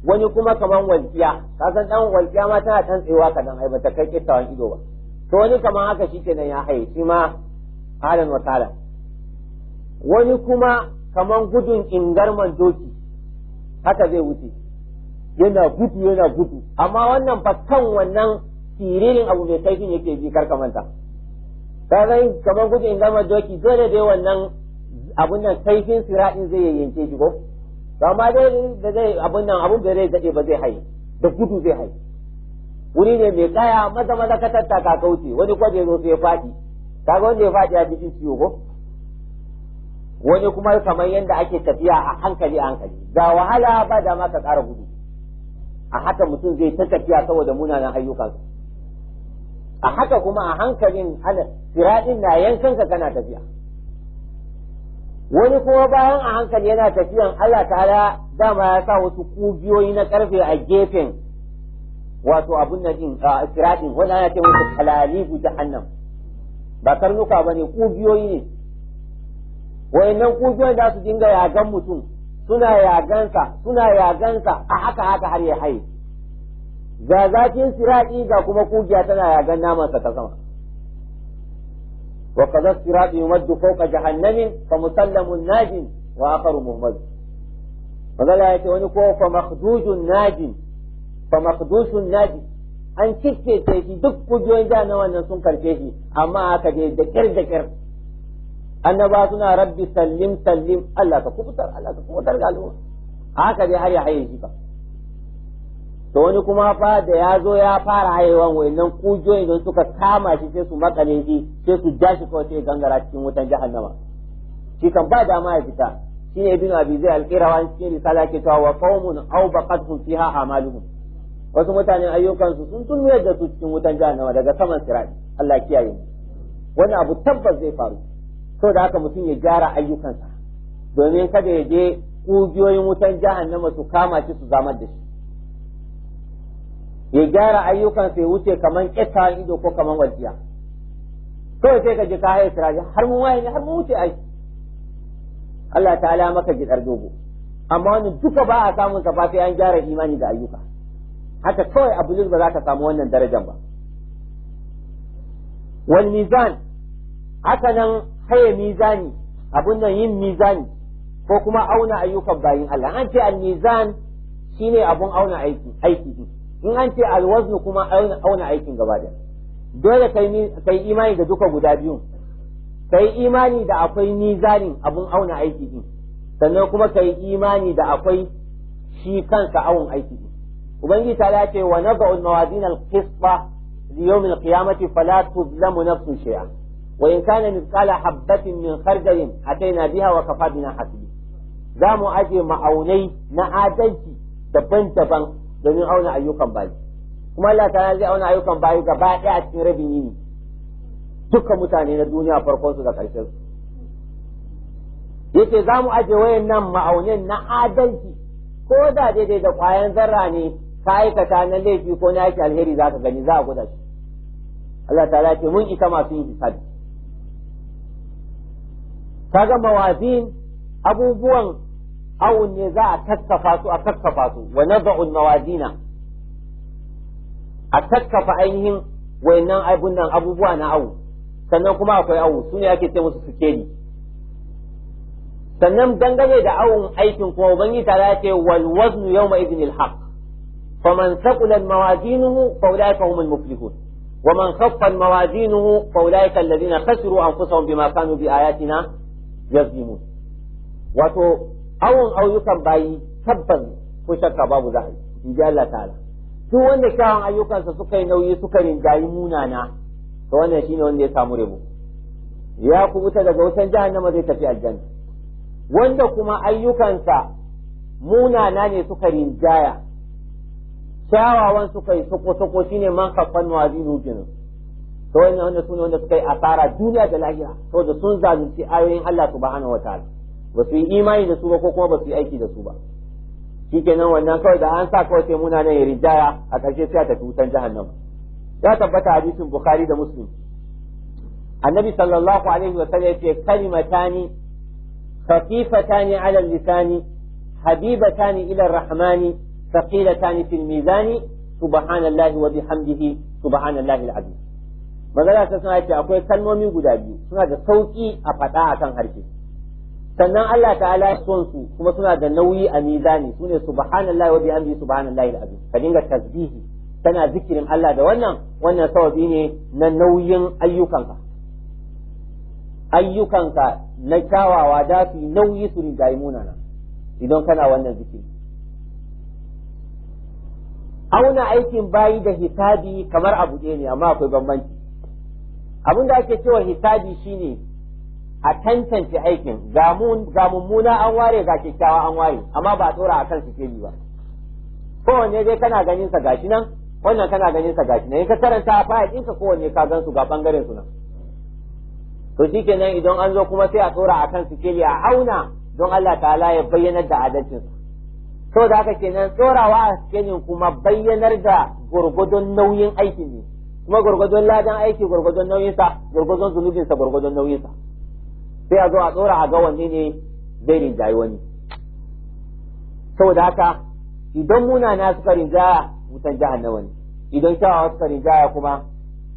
wani kuma kaman walƙiya ka san dan walƙiya ma tana tantsewa ka dan aibata kai kittawan ido ba to wani kaman haka shikenan ya haye shi ma halan wa kala. wani kuma kaman gudun ingarman doki haka zai wuce yana gudu yana gudu amma wannan fa kan wannan tiririn abu mai kaifin yake bi kar ka manta ka san kaman gudun ingarman doki dole dai wannan abun nan kaifin sira'in zai yayyanke shi ko amma dai da zai abin nan abin da zai daɗe ba zai haye da gudu zai haye wuri ne mai kaya maza maza ka tattaka kauce wani kwaje zo sai ya faɗi kaga wanda ya faɗi ya fi ciwo ko wani kuma kamar yadda ake tafiya a hankali a hankali ga wahala ba da ma ka ƙara gudu a haka mutum zai ta tafiya saboda munanan ayyukansa a haka kuma a hankalin ana siradin na yankanka kana tafiya wani kuma bayan a hankali yana tafiyan Allah ta'ala dama ya sa wasu kugiyoyi na karfe a gefen wato abun na din a siratin wani ana ce musu kalalibu jahannam ba karnuka bane kugiyoyi ne wayannan kugiyoyi da su dinga yagan mutum suna yagansa suna yagansa a haka haka har ya haye ga zafin siraɗi ga kuma kugiya tana yagan namansa ta sama وقد الصراط يمد فوق جهنم فمسلم ناج وآخر مهمل وقال آية ونكو فمخدوج ناج فمخدوش ناج an cikkece shi duk kujoyin da na wannan sun karfe shi amma aka je da kir da kir annaba suna rabbi sallim sallim Allah ka kubutar Allah ka kubutar da al'umma haka dai har ya haye shi ba to wani kuma fa da ya zo ya fara haihuwan wayannan kujoyi da suka kama shi sai su makale shi sai su ja shi kawai sai gangara cikin wutan jahannama shi kan ba dama ya fita shi ne ibnu abi zai alqirawa cikin risala ke cewa wa qaumun aw baqatuhum fiha amaluhum wasu mutanen ayyukansu sun tunnuyar da su cikin wutan jahannama daga saman sirat Allah kiyaye mu wani abu tabbas zai faru so da haka mutum ya gyara ayyukansa domin kada ya je kugiyoyin wutan jahannama su kama shi su zamar da shi ya gyara ayyukan sai wuce kaman ƙeta ido ko kaman walƙiya kawai sai ka ji ka haye siraji har mu waye har mu wuce ai Allah ta'ala maka gidar dogo amma wani duka ba a samun sa sai an gyara imani da ayyuka haka kawai a bulur ba za ka samu wannan darajan ba wal mizan haka nan haye mizani abun nan yin mizani ko kuma auna ayyukan bayin Allah an ce al mizan shine abun auna aiki aiki in an ce alwaznu kuma auna aikin gaba da dole kai imani da duka guda ka kai imani da akwai mizanin abun auna aiki din sannan kuma kai imani da akwai shi kansa awon aiki din ubangiji ta ce wa nad'u al-mawazin li yawm fala tuzlamu nafsun shay'a wa in kana misqala habatin min khardalin ataina biha wa kafa hasibi za mu aje ma'aunai na adalci daban-daban domin auna ayyukan bayi kuma Allah ta zai auna ayyukan bayi gaba ɗaya a cikin rabin yini dukkan mutane na duniya farkon su da ƙarshen su yace za mu aje wayan nan ma'aunin na adalci ko da daidai da kwayan zarra ne ka aikata na laifi ko na yake alheri za ka gani za a gwada shi Allah ta ce mun ita masu yin hisabi kaga mawazin abubuwan awun ne za a kakkafa su a kakkafa su wa nad'u al-mawazina a kakkafa ainihin wayannan abun nan abubuwa na awu sannan kuma akwai awu su ne ake ce musu sikeli sannan dangane da awun aikin kuma ubangiji ta ya ce wal waznu yawma idhin al-haq faman thaqulat mawazinuhu fa ulaika humul muflihun ومن خفت موازينه فأولئك الذين خسروا أنفسهم بما كانوا بآياتنا يظلمون wato awon ayyukan bayi tabban ko shakka babu za a yi in ji Allah ta'ala duk wanda kyawun ayyukansa suka yi nauyi suka rinjayi munana to wannan shine wanda ya samu rabo ya kubuta daga wutan jahannama zai tafi aljanna wanda kuma ayyukansa munana ne suka rinjaya kyawawan suka yi soko-soko shine man kafan wazinu jinin to wannan wanda sune wanda suka yi asara duniya da lahira saboda sun zalunci ayoyin Allah subhanahu wataala ba su yi imani da su ba ko kuma ba su yi aiki da su ba kenan wannan kawai da an sa kawai sai muna nan rijaya a ƙarshe sai ta tutan jahannama ya tabbata hadisin bukhari da muslim annabi sallallahu alaihi wa sallam yace kalimatani khafifatani ala lisani habibatani ila rahmani thaqilatani fil mizani subhanallahi wa bihamdihi subhanallahi alazim magana ta suna akwai kalmomi guda biyu suna da sauki a faɗa akan harshe sannan Allah ta'ala son su kuma suna da nauyi a mizani sune subhanallahi wa bihamdi subhanallahi alazim ka dinga tasbihi Kana zikirin Allah da wannan wannan sawabi ne na nauyin ayyukanka ayyukanka na kyawawa da su nauyi su rigayi munana idan kana wannan zikiri auna aikin bayi da hisabi kamar abu ne amma akwai bambanci abin da ake cewa hisabi shine a tantance aikin ga mummuna an ware ga kyakkyawa an ware amma ba a tsora akan su kebi ba kowanne dai kana ganin sa gashi nan wannan kana ganin sa gashi nan in ka karanta a fayil ɗinka kowanne ka gan su ga bangaren su nan to shikenan idan an zo kuma sai a tsora kan su kebi a auna don Allah ta'ala ya bayyanar da adalcin su to da haka kenan tsorawa a cikin kuma bayyanar da gurgudun nauyin aikin ne kuma gurgudun ladan aiki gurgudun nauyinsa gurgudun zunubinsa gurgudun nauyinsa sai a zo a tsora a ga wanne ne zai rinjayi wani saboda haka idan muna na suka rinjaya wutan jahannama ne idan kyawawa suka rinjaya kuma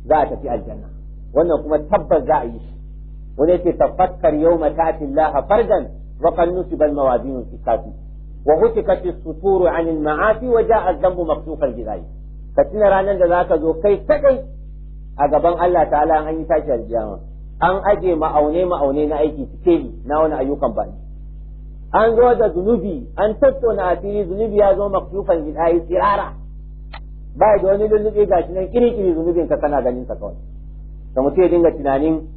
za a tafi aljanna wannan kuma tabbas za a yi shi wani yace tafakkar yau ta'ti Allah fardan wa qad nusiba al-mawazin fi wa hutikat as-suturu 'an al-ma'asi wa ja'a adh-dhanbu maqsufan bidai ka tuna ranar da zaka zo kai kadai a gaban Allah ta'ala an yi tashi aljiyama an aje ma'aune ma'aune na aiki sikeli na wani ayyukan ba an zo da zunubi an tattauna asiri zunubi ya zo maktufan yi tsirara ba da wani zunubi ga shi nan kirkiri zunubin ka kana ganin sa kawai da mutu ya dinga tunanin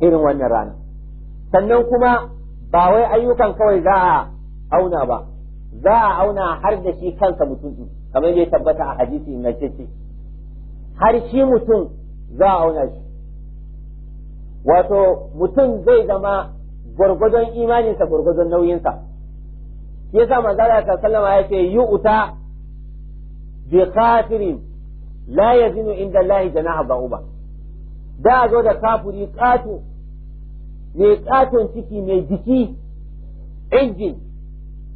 irin wannan rana sannan kuma ba wai ayyukan kawai za a auna ba za a auna har da shi kansa mutum kamar yadda ya tabbata a hadisi ingantacce har shi mutum za a auna shi wato mutum zai zama gwargwadon imaninsa gwargwadon nauyinsa ya yasa manzo ta sallama ya ce uta bi kafirin la zinu inda na janaha uba da zo da kafuri kato mai katon ciki mai jiki injin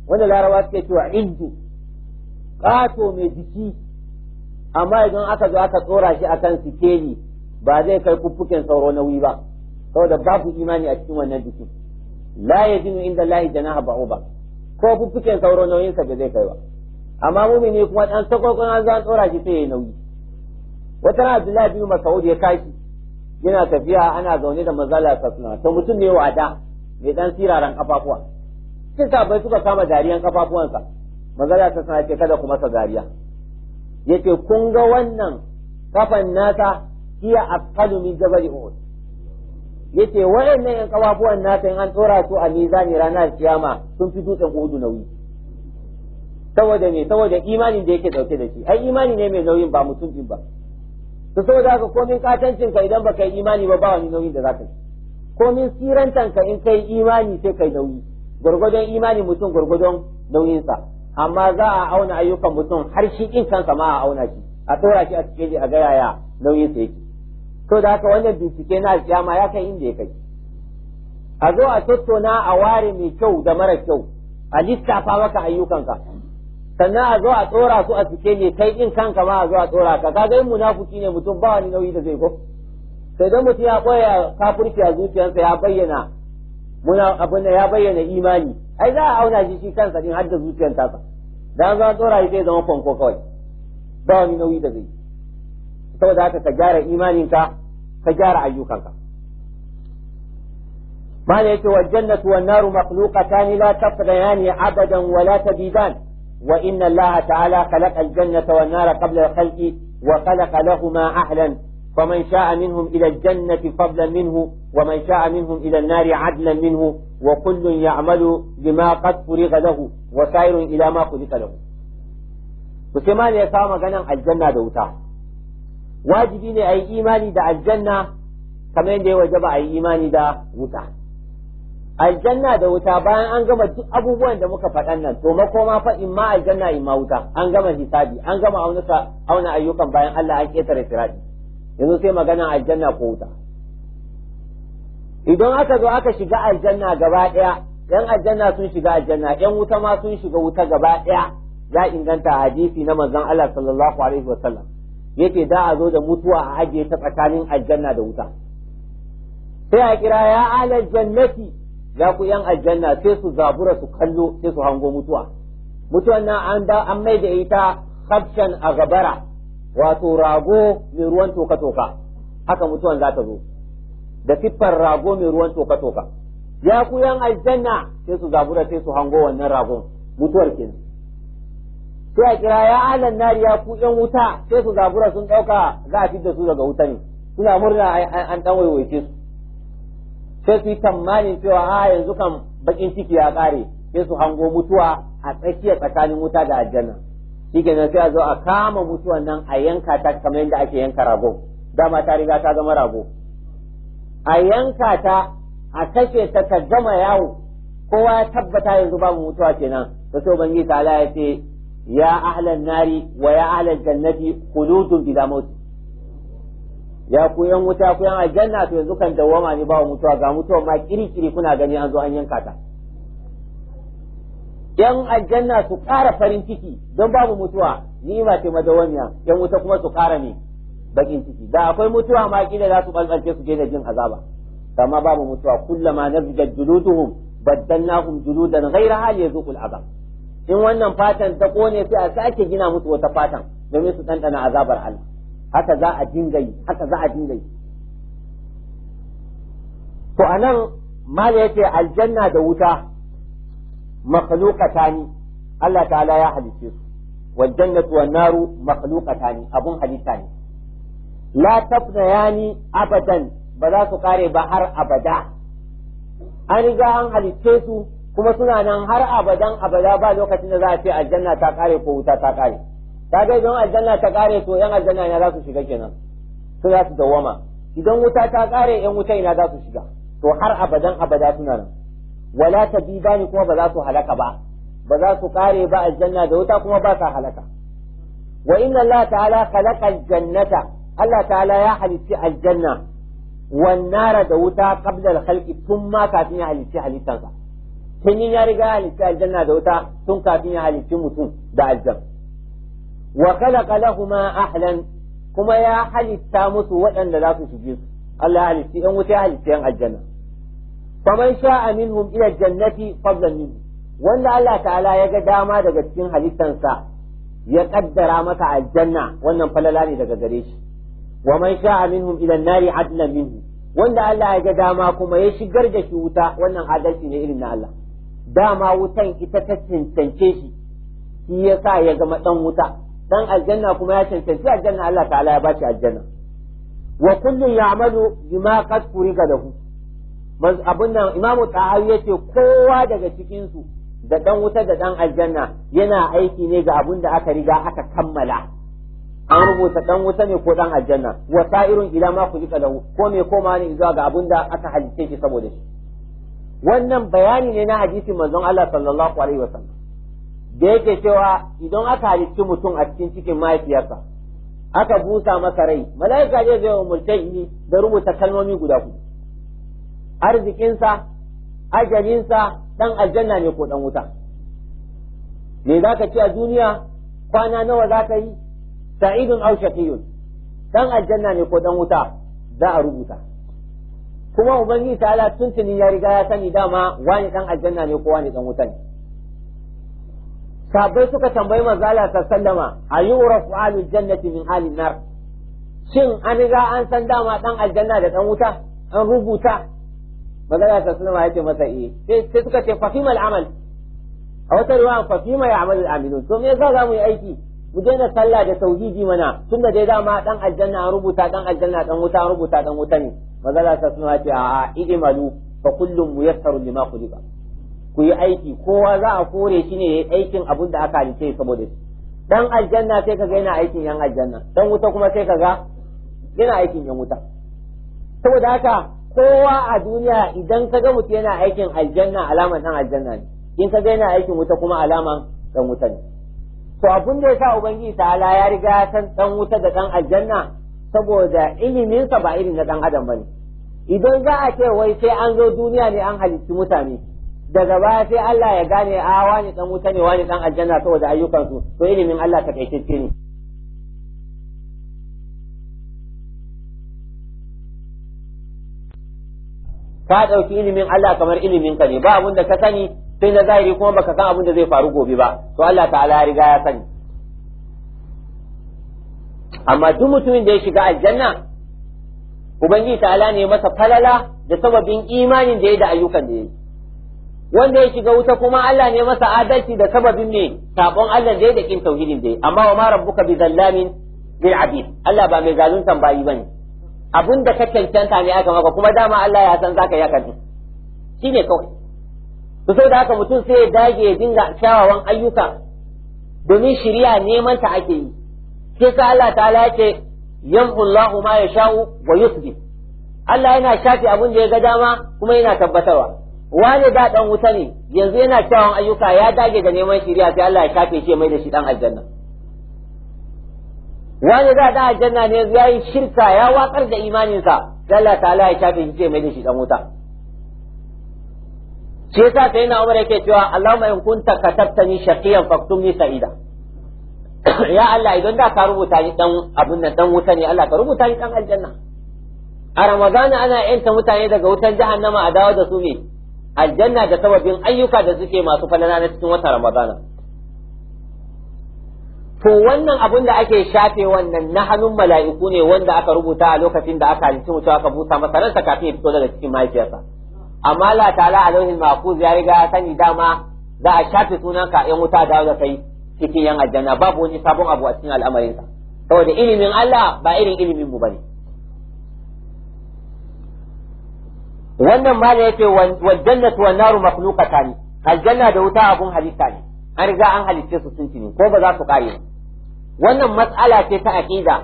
wanda larawa suke cewa injin kato mai jiki amma idan aka zo aka tsora shi akan sikeli ba zai kai kuffuken sauro nauyi ba saboda babu imani a cikin wannan jikin la yazinu inda lahi janaha ba'uba ko fuffuken sauro nauyin sa zai kai ba. amma mumini kuma dan sakokon an zan tsora shi sai ya nauyi wata rana Abdullahi bin Mas'ud ya kashi yana tafiya ana zaune da ta suna ta mutum ne wada mai dan siraran kafafuwa sai bai suka kama dariyan kafafuwansa ta suna ce kada ku masa dariya yace kun ga wannan kafan nasa hiya aqalu min jabal uhud yace wayannan yan kawafuwan nata in an tsora su a mizani ranar kiyama sun fi dutsen uhudu nauyi saboda me saboda imanin da yake dauke da shi ai imani ne mai nauyin ba mutum din ba to saboda haka komin katancin ka idan baka yi imani ba ba wani nauyin da zaka yi komin sirantan ka in kai imani sai kai nauyi gurgudun imani mutum nauyin nauyinsa amma za a auna ayyukan mutum har shi kin kansa ma a auna shi a tsora shi a cikin a ga yaya nauyin sa yake to da haka wannan bincike na alƙiyama ya kai inda ya kai a zo a tattauna a ware mai kyau da mara kyau a lissafa maka ayyukanka sannan a zo a tsora su a cike ne kai in kanka ma a zo a tsora ka kaga in munafuki ne mutum ba wani nauyi da zai ko sai dan mutum ya koya kafirci a zuciyarsa ya bayyana muna abin da ya bayyana imani ai za a auna shi shi kansa din har da zuciyar tasa dan za a tsora shi sai zama fanko kawai ba wani nauyi da zai saboda haka ka gyara imaninka ka gyara ما معنى يتي والجنة والنار مخلوقتان لا تفريان عبدا ولا تبيدان وإن الله تعالى خلق الجنة والنار قبل الخلق وخلق لهما أهلا فمن شاء منهم إلى الجنة فضلا منه ومن شاء منهم إلى النار عدلا منه وكل يعمل بما قد فرغ له وسائر إلى ما خلق له وكمان يسامى جنة الجنة دوتا wajibi ne a yi imani da aljanna kamar yadda ya waje ba a yi imani da wuta aljanna da wuta bayan an gama duk abubuwan da muka faɗan nan to makoma fa in ma aljanna in ma wuta an gama hisabi an gama auna ayyukan bayan Allah an ƙetare sirati yanzu sai magana aljanna ko wuta idan aka zo aka shiga aljanna gaba ɗaya yan aljanna sun shiga aljanna yan wuta ma sun shiga wuta gaba ɗaya ya inganta hadisi na manzon Allah sallallahu alaihi wasallam Yake da a zo da mutuwa a ajiye ta tsakanin aljanna da wuta sai a kira ya ala jannati ya ku yan aljanna sai su zabura su kallo sai su hango mutuwa mutuwan nan an da an mai da ita khabshan a gabara wato rago mai ruwan toka toka haka mutuwan za ta zo da siffar rago mai ruwan toka toka ya ku yan aljanna sai su zabura sai su hango wannan ragon mutuwar kenan sai a kira ya alan nari ya ku yan wuta sai su zabura sun dauka za a fidda su daga wuta ne suna murna an dan waiwaice su sai su yi tamanin cewa a yanzu kan bakin ciki ya kare sai su hango mutuwa a tsakiya tsakanin wuta da aljanna nan sai a zo a kama mutuwan nan a yanka ta kamar yadda ake yanka rago dama ta riga ta zama rago a yanka ta a kashe ta ka gama yawo kowa ya tabbata yanzu babu mutuwa kenan sai ubangiji ta ya ce يا أهل النار ويا أهل الجنة خلود بلا موت ya ku yan wuta الجنة yan aljanna to yanzu kan dawwama ne ba mutuwa ga mutuwa ma أن ينكاتا kuna gani an zo an yanka ta yan aljanna su ƙara farin ciki don babu mutuwa ma ce madawamiya yan wuta kuma su ƙara ne bakin ciki da akwai mutuwa ma kila za su balbalce su da jin azaba amma babu mutuwa kullama nazgad juluduhum baddalnahum juludan ghayra hal yazuqul azab in wannan fatan ta kone sai a sake gina musu wata fatan domin su ɗanɗana azabar Allah haka za a dinga yi haka za a dinga yi to anan mala yace aljanna da wuta makhluqatani Allah ta'ala ya halice su wal jannatu wan naru makhluqatani abun halitta ne la tabnayani abadan ba za su kare ba har abada an riga an halice su kuma suna nan har abadan abada ba lokacin da za a ce aljanna ta kare ko wuta ta kare ga idan aljanna ta kare to yan aljanna ina za su shiga kenan su za su dawama idan wuta ta kare yan wuta ina za su shiga to har abadan abada suna nan wala tabibani kuma ba za su halaka ba ba za su kare ba aljanna da wuta kuma ba sa halaka wa inna Allah ta'ala khalaqa aljannata Allah ta'ala ya halitti aljanna wan nara da wuta qabla al-khalqi tun ma kafin ya halitti halittansa tun ya riga halitta aljanna da wuta tun kafin ya halicci mutum da aljan wa khalaqa lahuma ahlan kuma ya halitta musu waɗanda za su shige su Allah ya halitti yan wuta ya halitti yan aljanna faman sha'a minhum ila jannati fadlan minhu wanda Allah ta'ala ya ga dama daga cikin halittansa ya kaddara masa aljanna wannan falala ne daga gare shi wa man sha'a minhum ila nari adlan minhu wanda Allah ya ga dama kuma ya shigar da shi wuta wannan adalci ne irin na Allah dama wutan ita ta cancance shi shi sa ya zama dan wuta dan aljanna kuma ya cancanci aljanna Allah ta'ala ya bashi aljanna wa kullun ya'malu bima qad furiga lahu abun nan imamu ta'awi yace kowa daga cikinsu, su da dan wuta da dan aljanna yana aiki ne ga abun da aka riga aka kammala an rubuta dan wuta ne ko dan aljanna wa sa'irun ila ma yi lahu ko me koma ne zuwa ga abun da aka halice shi saboda shi wannan bayani ne na hadisi manzon Allah sallallahu alaihi wasallam da yake cewa idan aka halicci mutum a cikin cikin mahaifiyarsa aka busa masa rai mala'ika zai zai umurta ni da rubuta kalmomi guda hudu arzikinsa ajalinsa dan aljanna ne ko dan wuta me zaka ci a duniya kwana nawa zaka yi sa'idun aw shaqiyun dan aljanna ne ko dan wuta za a rubuta kuma ubangiji ala tuntuni ya riga ya sani dama wani dan aljanna ne ko wani dan wuta ne sabai suka tambayi manzala ta sallama ayurafu alul jannati min alin nar shin an riga an san dama dan aljanna da dan wuta an rubuta manzala ta sallama ya masa eh sai suka ce fahimal amal a wata riwaya fafima ya amalul aminun to me yasa za mu yi aiki mu daina sallah da tauhidi mana tunda dai dama dan aljanna an rubuta dan aljanna dan wuta an rubuta dan wuta ne mazala ta suna ce a idimalu fa kullum muyassarun lima khuliqa ku yi aiki kowa za a kore shi ne aikin abun da aka halice saboda shi dan aljanna sai kaga yana aikin yan aljanna dan wuta kuma sai kaga yana aikin yan wuta saboda haka kowa a duniya idan kaga mutum yana aikin aljanna alaman dan aljanna ne in kaga yana aikin wuta kuma alaman dan wuta ne to abun da yasa ubangiji ta'ala ya riga ya san dan wuta da dan aljanna saboda iliminsa ba irin na dan adam bane idan za a ce wai sai an zo duniya ne an halitti mutane daga baya sai Allah ya gane a wani dan wuta ne wani dan aljanna saboda ayyukansu to ilimin Allah ta kai ne ka ɗauki ilimin Allah kamar ilimin ka ne ba abun da ka sani sai na zahiri kuma baka san abun da zai faru gobe ba to Allah ta'ala ya riga ya sani amma duk mutumin da ya shiga aljanna ubangiji ta'ala ne masa falala da sababin imanin da ya da ayyukan da ya yi wanda ya shiga wuta kuma Allah ne masa adalci da sababin ne sabon Allah da ya da kin tauhidin da ya amma wa ma rabbuka bi zallamin bil abid Allah ba mai zaluntan bayi bane abin da ka cancanta ne aka maka kuma dama Allah ya san zaka ya kaji ne kawai to da haka mutum sai ya dage ya dinga kyawawan ayyuka domin shari'a neman ta ake yi sai ka Allah ta'ala ya ce Yan Allah ma ya sha'u wa yusbi Allah yana shafi abin da ya ga dama kuma yana tabbatarwa Wani da dan wuta ne yanzu yana cewa ayyuka ya dage da neman shiriya sai Allah ya shafe shi mai da shi dan aljanna Wani da dan aljanna ne yanzu yayi shirka ya wakar da imaninsa sai Allah ta'ala ya shafe shi mai da shi dan wuta shi yasa sai na Umar yake cewa Allahumma in kunta katabtani shaqiyan faktumni sa'ida <coughs> ya Allah idan da ka rubuta ni dan abun nan dan wuta ne Allah ka rubuta ni dan aljanna a Ramadan ana yanta mutane daga wutan jahannama a dawo da su ne aljanna da sababin ayyuka da suke masu falala na cikin wata Ramadana to wannan abun da ake shafe wannan na hannun mala'iku ne wanda aka rubuta a lokacin da aka halicci mutum aka busa masa ransa kafin ya fito daga cikin mahaifiyarsa amma Allah ta'ala a mafuz ya riga sani dama za a shafe sunanka yan wuta dawo da kai cikin yan aljanna babu wani sabon abu a cikin al'amarinsa saboda ilimin Allah ba irin ilimin mu bane wannan ma yake wal jannatu wan naru makhluqatan aljanna da wuta abun halitta ne an riga an halicce su sun tuni ko ba za su kare ba wannan matsala ce ta aqida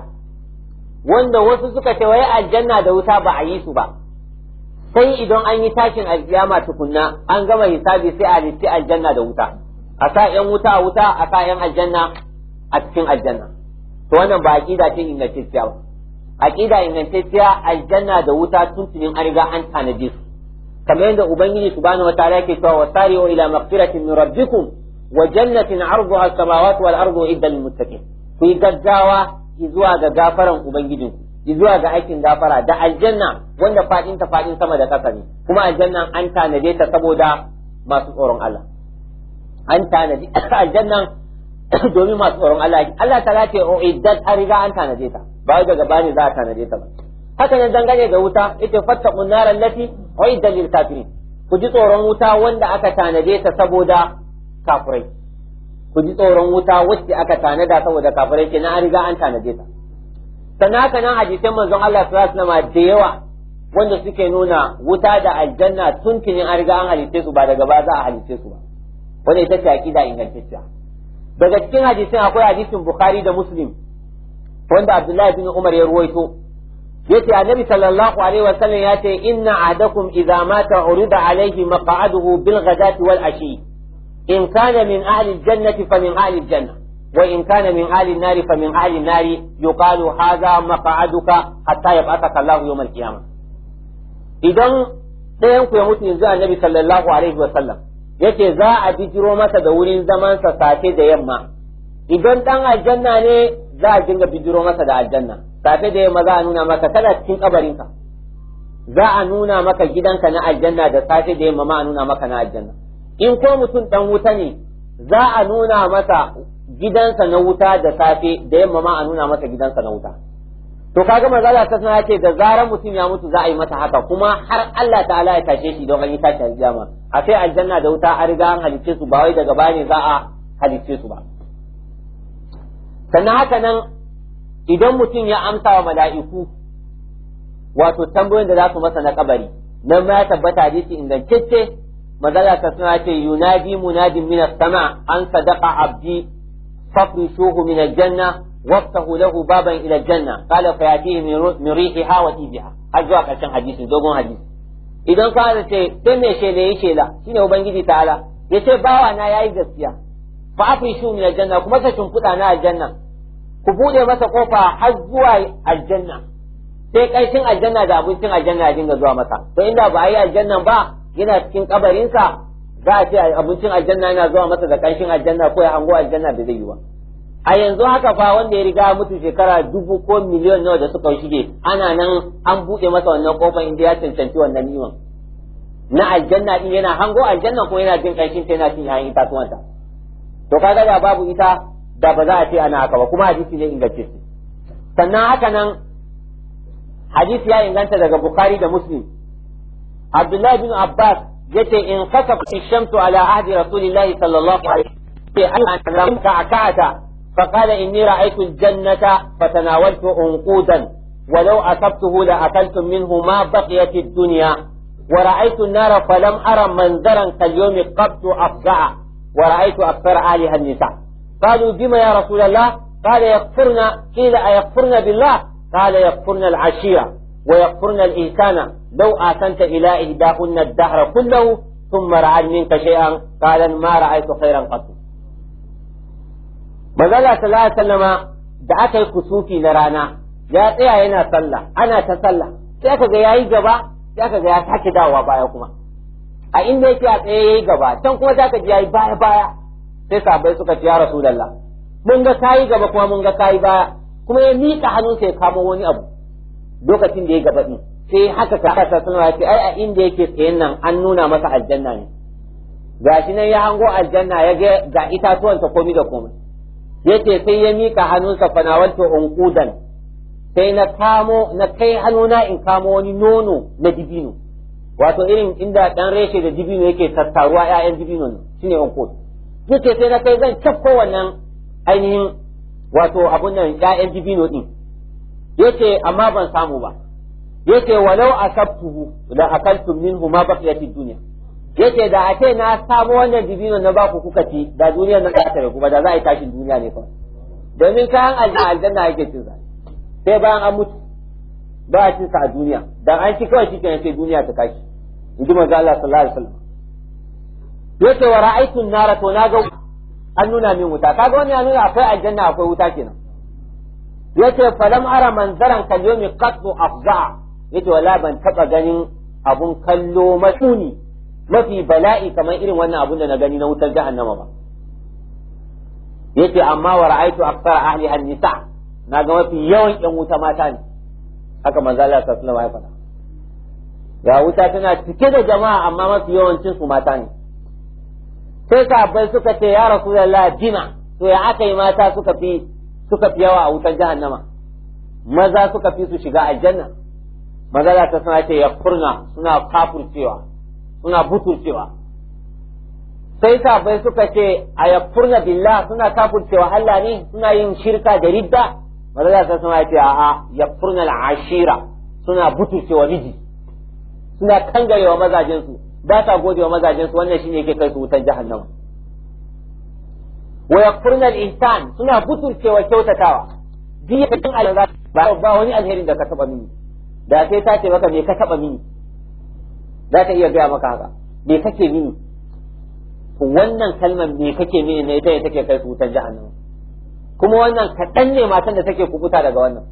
wanda wasu suka ce wai aljanna da wuta ba a yi su ba sai idan an yi tashin alkiyama tukunna an gama hisabi sai a halicci aljanna da wuta a sa yan wuta a wuta a sa yan aljanna a cikin aljanna to wannan ba aqida ce ingantacciya ba aqida ingantacciya aljanna da wuta tuntunin an riga an tanadi su kamar yadda ubangiji subhanahu wataala yake cewa wa ila maghfiratin min rabbikum wa jannatin 'arduha as-samawati wal ardu idda lil muttaqin ku yi gaggawa zuwa ga gafaran ubangiji zuwa ga aikin gafara da aljanna wanda fadin ta fadin sama da kasa ne kuma aljanna an tanade ta saboda masu tsoron Allah an tanadi aljannan <coughs> domin masu tsoron Allah Allah ta lafi oh, Idan an riga an tanade ta ba gaba ne za a tanade ta ba haka ne dangane da wuta ita fattaqun lati, allati uiddat lil kafirin ku ji tsoron wuta wanda aka tanade ta saboda kafirai ku ji tsoron wuta wacce aka tanada saboda kafirai kenan an riga an tanade ta sannan haka nan hadisan manzon Allah sallallahu alaihi wasallam da yawa wanda suke nuna wuta da aljanna tun tunin an riga an halitte su ba daga ba za a halice su ba wanda ita ce aqida ingantacciya daga cikin hadisin akwai hadisin bukhari da muslim wanda abdullahi bin umar ya ruwaito yace annabi sallallahu alaihi wasallam ya ce inna ahadakum idza mata urida alaihi maq'aduhu bil ghadati wal ashi in kana min ahli aljannati fa min ahli aljanna wa in kana min ahli an-nari fa min ahli an-nari yuqalu hadha maq'aduka hatta yab'athaka Allahu yawm al-qiyamah idan ɗayan ku ya mutu yanzu annabi sallallahu alaihi wasallam yace za a bijiro masa da wurin zamansa safe da yamma idan dan aljanna ne za a dinga bijiro masa da aljanna safe da yamma za a nuna maka kana cikin kabarinka za a nuna maka gidanka na aljanna da safe da yamma ma a nuna maka na aljanna in ko mutum dan wuta ne za a nuna masa gidansa na wuta da safe da yamma ma a nuna masa gidansa na wuta to kaga ga Allah ta sanar ce da zarar mutum ya mutu za a yi masa haka kuma har Allah ta'ala ya tashe shi don an yi tashi aljama a sai aljanna da wuta a riga an halice su ba wai daga baya ne za a halice su ba sannan haka nan idan mutum ya amsa wa mala'iku wato tambayoyin da za su masa na kabari nan ma ya tabbata shi ingantacce manzo ta sanar ce yunadi munadin minas sama an sadaqa abdi shuhu min janna. waftahu lahu baban ila janna qala fa yatihi min rihiha wa tibiha har zuwa ƙarshen hadisin dogon hadisi idan ka ce sai me shela yayi shela shine ubangiji ta'ala ce bawa na yayi gaskiya fa afishu min aljanna kuma ka shimfiɗa na aljanna ku bude masa kofa har zuwa aljanna sai karshen aljanna da abincin aljanna ya dinga zuwa masa to inda ba yi aljannan ba yana cikin kabarinsa za a ce abincin aljanna yana zuwa masa da kanshin aljanna ko ya hango aljanna bai zai yi ba a yanzu haka fa wanda ya riga mutu shekara dubu ko miliyon nawa da suka shige ana nan an buɗe masa wannan kofar inda ya cancanci wannan niman na aljanna din yana hango aljanna ko yana jin kanshin ta yana cin yayin tasuwanta to kaga da babu ita da ba za a ce ana haka ba kuma hadisi ne su. sannan haka nan hadisi ya inganta daga bukhari da muslim abdullahi bin abbas yace in kasafa shamsu ala ahdi rasulillahi sallallahu alaihi wasallam sai Allah akata فقال إني رأيت الجنة فتناولت أنقودا ولو أصبته لأكلت منه ما بقيت الدنيا ورأيت النار فلم أرى منظرا كاليوم قبت أفزع ورأيت أكثر أهلها النساء قالوا بما يا رسول الله قال يكفرن قيل أيكفرن بالله قال يكفرن العشيرة ويكفرن الإنسان لو آتنت إلى إهداهن الدهر كله ثم رأى منك شيئا قال ما رأيت خيرا قط manzala sallallahu alaihi wasallama da aka yi kusufi na rana ya tsaya yana sallah ana ta sallah sai aka ga yayi gaba sai aka ga ya sake dawowa baya kuma a inda yake a tsaye yayi gaba can kuma zaka ji yayi baya baya sai sahabbai suka ci ya rasulullah mun ga kayi gaba kuma mun ga kayi baya kuma ya miƙa hannun sai kamo wani abu lokacin da ya gaba din sai haka ka kasa suna ce ai a inda yake tsayen nan an nuna masa aljanna ne gashi nan ya hango aljanna ya ga ga itatuwan ta komi da komai yace sai ya mika hannunsa fanawaltu unqudan sai na kamo na kai hannuna in kamo wani nono na dibino wato irin inda dan reshe da dibino yake tattaruwa ƴaƴan dibino ne shine unqud yace sai na kai zan cafko wannan ainihin wato abun nan ƴaƴan dibino din yace amma ban samu ba yace walau asabtuhu la akaltum minhu ma baqiyatid dunya yace da a ce na samu wannan dibino na baku kuka ci da duniyar nan za ta tare kuma da za a yi tashin duniya ne fa domin kayan aljanna yake cin sa sai bayan an mutu ba a cin sa a duniya dan an ci kawai cikin sai duniya ta kashi in ji manzo Allah sallallahu alaihi wasallam yace wa ra'aytu nara to na ga an nuna min wuta kaga wannan ya nuna akwai aljanna akwai wuta kenan yace falam ara manzaran kalyumi yawmi afza yace wala ban taba ganin abun kallo matsuni mafi bala'i kamar irin wannan abun da na gani na wutar jahannama ba yace amma wa ra'aitu aktsara ahli an-nisa na ga mafi yawan yan wuta mata ne haka manzo Allah sallallahu alaihi wasallam ya wuta tana cike da jama'a amma mafi yawancin su mata ne sai sahabbai suka ce ya rasulullahi bima to ya aka yi mata suka fi suka fi yawa a wutar jahannama maza suka fi su shiga aljanna maza za ta sanace ya furna suna kafurcewa suna butulcewa sai sahabbai suka ce a na billah suna kafurcewa Allah ne suna yin shirka da ridda maza ta suna ce a a'a na ashira suna butulcewa miji suna kangarewa mazajensu ba sa godewa mazajensu wannan shine yake kai su wutan jahannama wa yakfurna na ihsan suna butulcewa kyautatawa diyan alheri ba wani alherin da ka taba mini da sai ta ce maka me ka taba mini za ta iya gaya maka haka me kake mini wannan kalmar me kake mini ne ita ya take kai su wutar jahannama kuma wannan kaɗan ne matan da take kubuta daga wannan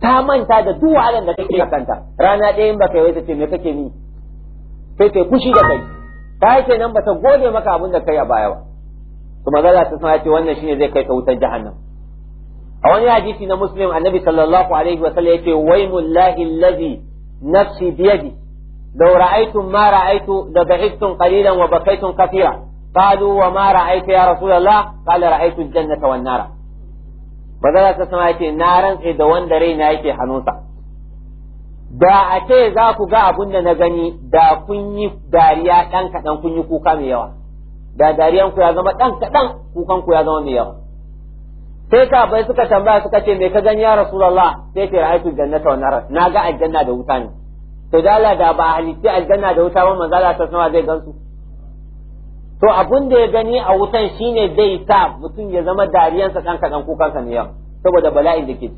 ta manta da duk wahalar da take kanta rana ɗaya in baka yi ta ce me kake mini sai ta fushi da kai ta yake nan ba ta gode maka abin da kai a baya ba to magana ta sama ce wannan shine zai kai ta wutar jahannama a wani hadisi na muslim annabi sallallahu alaihi wa sallam yake waymul lahi allazi nafsi biyadi لو رأيتم ما رأيت لبعدتم قليلا وبكيتم كثيرا قالوا وما رأيت يا رسول الله قال رأيت الجنة والنار بدل تسمع يتي نارا إذا وندري نايتي حنوسا da a ce za ku ga abun da na gani da kun yi dariya ɗan kaɗan kun yi kuka mai yawa da dariyan ku ya zama ɗan kaɗan kukan ku ya zama mai yawa sai ka bai suka tambaya suka ce me ka gani ya rasulullah sai ce ra'aytu jannata wa nar na ga aljanna da wuta ne da dala da ba a aljanna da wuta ba manzala ta sama zai gansu to abun da ya gani a wutan shine zai sa mutum ya zama dariyansa dan kadan kukansa ne yau saboda bala'in da ke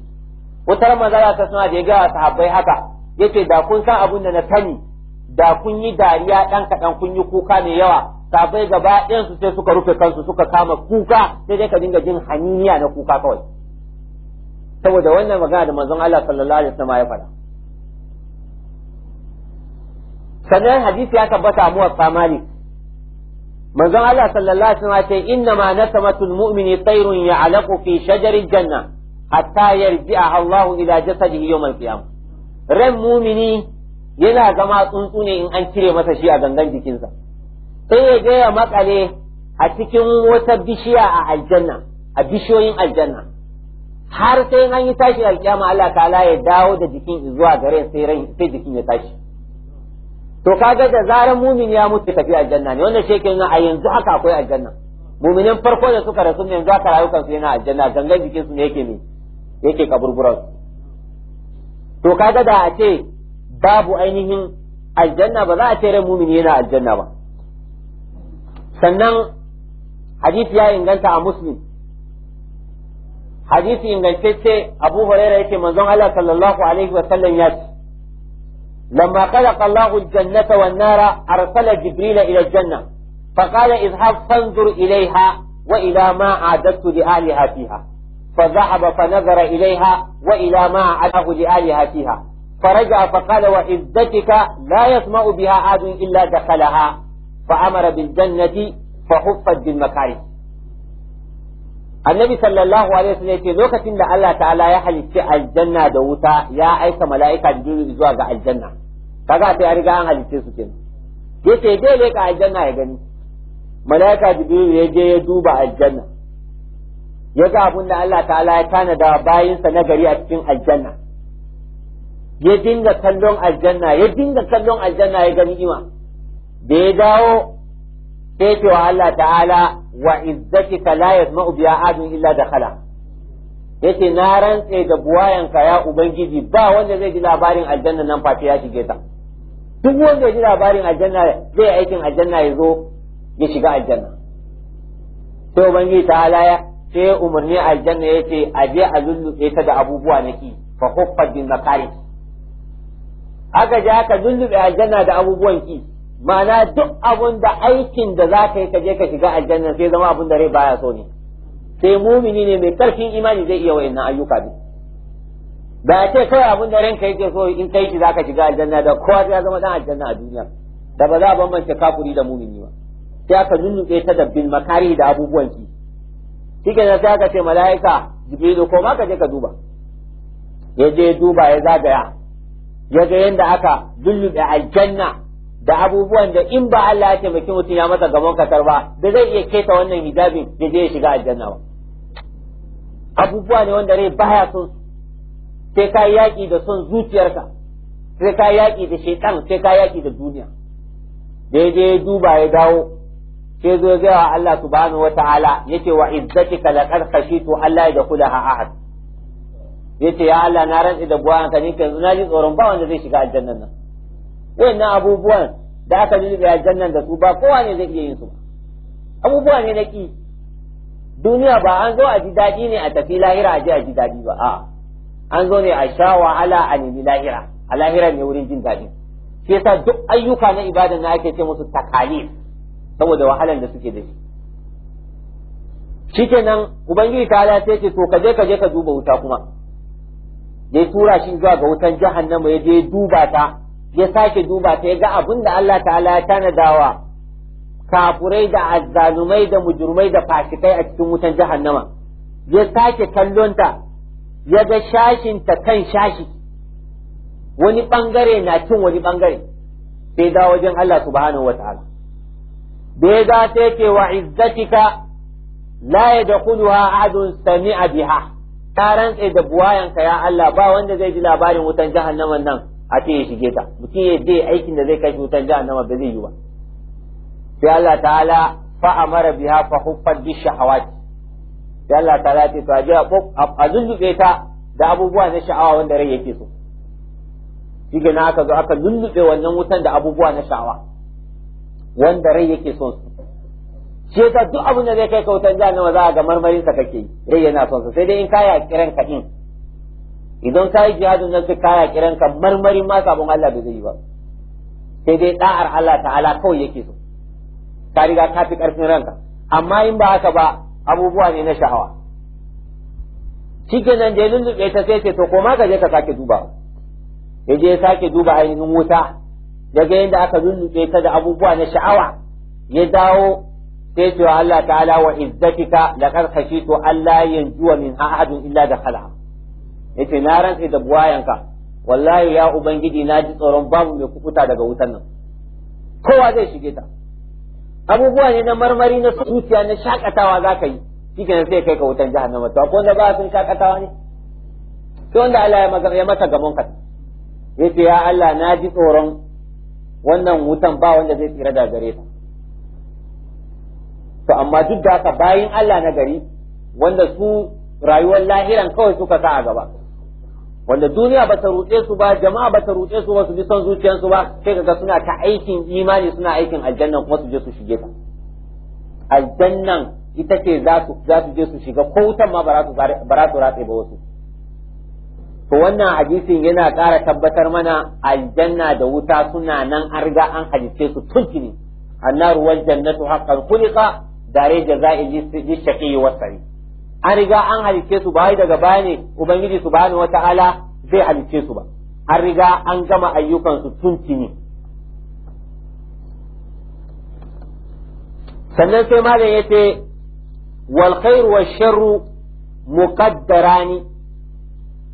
wutar manzala ta sama da ya ga sahabbai haka yace da kun san abun da na sani da kun yi dariya dan kaɗan kun yi kuka mai yawa sahabbai gaba ɗayan su sai suka rufe kansu suka kama kuka sai dai ka dinga jin haniniya na kuka kawai saboda wannan magana da manzon Allah sallallahu alaihi wasallam ya faɗa sannan hadisi ya tabbata a muwaffa malik manzon Allah sallallahu alaihi wasallam ce inna ma nasamatu mu'mini tayrun ya'laqu fi shajarin janna hatta yarji'a Allahu ila jasadihi al qiyamah ran mu'mini yana zama tsuntsu ne in an cire masa shi a gangan jikinsa sai ya ga ya makale a cikin wata bishiya a aljanna a bishiyoyin aljanna har sai an yi tashi alkiyama Allah ta'ala ya dawo da jikin zuwa gare sai ran sai jikin ya tashi to kaga da zaran mumin ya mutu tafi aljanna ne wannan shekin a yanzu haka akwai aljanna muminin farko da suka rasu ne yanzu aka rayukan su yana aljanna gangan jikin su ne yake ne yake kaburburan to kaga da a ce babu ainihin aljanna ba za a ce ran mumin yana aljanna ba sannan hadisi ya inganta a muslim hadisi ingantacce abu hurairah yake manzon Allah sallallahu alaihi wa sallam ya ce لما خلق الله الجنة والنار أرسل جبريل إلى الجنة فقال اذهب فانظر إليها وإلى ما أعددت لأهلها فيها فذهب فنظر إليها وإلى ما أعده لآلها فيها فرجع فقال وعزتك لا يسمع بها أحد إلا دخلها فأمر بالجنة فحفت بالمكاره annabi sallallahu alaihi wasallam yace lokacin da Allah ta'ala ya halicci aljanna da wuta ya aika mala'ika jibril zuwa ga aljanna kaga sai ya riga an halicce su kenan yace dai ne ka aljanna ya gani mala'ika jibril ya je ya duba aljanna ya ga abun da Allah ta'ala ya tanada bayinsa na gari a cikin aljanna ya dinga kallon aljanna ya dinga kallon aljanna ya gani ima da ya dawo sai cewa Allah ta'ala wa izzatika la yadma'u biya adun illa dakhala yace na rantse da buwayanka ya ubangiji ba wanda zai ji labarin aljanna nan face ya shige ta duk wanda ya ji labarin aljanna zai aikin aljanna ya zo ya shiga aljanna To ubangiji ta halaya sai umarni aljanna yace a je a lulluɓe ta da abubuwa naki fa huffat bin makari aka je aka lulluɓe aljanna da abubuwan ki ma'ana duk abun da aikin da za ka yi ka je ka shiga aljanna sai zama abun da rai baya so ne sai mumini ne mai karfin imani zai iya wayannan ayyuka ne da ce kawai abun da ranka yake so in kai shi za ka shiga aljanna da kowa ya zama dan aljanna a duniya da ba za a bambance kafuri da mumini ba sai aka nunnuke ta da bin makari da abubuwan ki shike na sai aka ce mala'ika jibrilu ko ma ka je ka duba ya je duba ya zagaya ya ga yanda aka dullu aljanna da abubuwan da in ba Allah ya taimaki mutum ya masa gaban kasar ba da zai iya keta wannan hijabin da zai shiga aljanna ba abubuwa ne wanda rai baya son sai ka yaƙi da son zuciyarka sai ka yaƙi da shaitan sai ka yaƙi da duniya da ya duba ya dawo sai zo zai wa Allah subhanahu ta'ala yace wa izzatika laqad khashitu Allah ya ha ahad yace ya Allah na rantsi da buwan ka ne yanzu na ji tsoron ba wanda zai shiga aljanna nan wayannan abubuwan da aka lulluɓe nan da su ba kowa ne zai iya yin su abubuwa ne na ki duniya ba an zo a ji daɗi ne a tafi lahira a je a ji daɗi ba a an zo ne a sha wahala a nemi lahira a lahira ne wurin jin daɗi shi yasa duk ayyuka na ibada na ake ce musu takalif saboda wahalan da suke da shi shikenan ubangiji ta ala sai ce to ka je ka je ka duba wuta kuma dai tura shi zuwa ga wutan jahannama ya je duba ta ya sake duba ta ya ga abin da Allah ta'ala ya tanadawa kafurai da azzalumai da mujurmai da fasikai a cikin wutan jahannama ya sake kallonta ya ga shashinta kan shashi wani bangare na cin wani bangare sai da wajen Allah subhanahu wa ta'ala da ya ga ta yake wa izzatika la yadkhuluha ahadun sami'a biha ta rantse da buwayanka ya Allah ba wanda zai ji labarin wutan jahannaman nan a ce ya shige ta mutum ya dai aikin da zai kashe wutar nama ba zai yi ba sai Allah ta'ala fa amara biha fa huffat bi shahawati sai Allah ta'ala ce to ajiya a lullube ta da abubuwa na sha'awa wanda rai yake so shi na aka zo aka lullube wannan wutan da abubuwa na sha'awa wanda rai yake son su shi yasa duk abin da zai kai ka wutan nama za a ga marmarin sa kake rai yana son su sai dai in kaya kiran ka din idan ka yi jihadin nan sai kaya kiran ka marmarin ma sabon Allah bai zai yi ba sai dai da'ar Allah ta'ala kawai yake so ka riga ka fi karfin ranka amma in ba haka ba abubuwa ne na sha'awa nan da ya lullube ta sai ce to ma ka je ka sake duba ya je sake duba ainihin wuta daga yadda aka lullube ta da abubuwa na sha'awa ya dawo sai ce wa Allah ta'ala wa izzatika laqad Allah yanzu yanjuwa min ahadin illa da khala'a. yace na rantse da buwayanka wallahi ya ubangiji na ji tsoron babu mai kukuta daga wutan nan kowa zai shige ta abubuwa ne na marmari na zuciya na shakatawa za ka yi shikenan sai kai ka wutan jahannama to akwai wanda ba sun shakatawa ne sai wanda Allah ya magana ya masa gamon ka yace ya Allah na ji tsoron wannan wutan ba wanda zai tsira da gare ta to amma duk da haka bayin Allah na gari wanda su rayuwar lahiran kawai suka sa a gaba wanda duniya ba ta ruɗe su ba jama'a ba ta ruɗe su ba su bi son zuciyarsu ba sai kaga suna ta aikin imani suna aikin aljanna kuma su je su shige ku aljannan ita ce za su za su je su shiga ko wutan ma ba za su ratse ba wasu to wannan hadisin yana ƙara tabbatar mana aljanna da wuta suna nan an riga an halice su tuntuni annaru wal jannatu haqqan khuliqa dare jaza'i lis-shaqi was an riga an halicce su ba daga baya ne ubangiji wata ala zai halicce su ba an riga an gama ayyukansu tun tuni sannan sai malam ya ce wal khairu wa sharru muqaddarani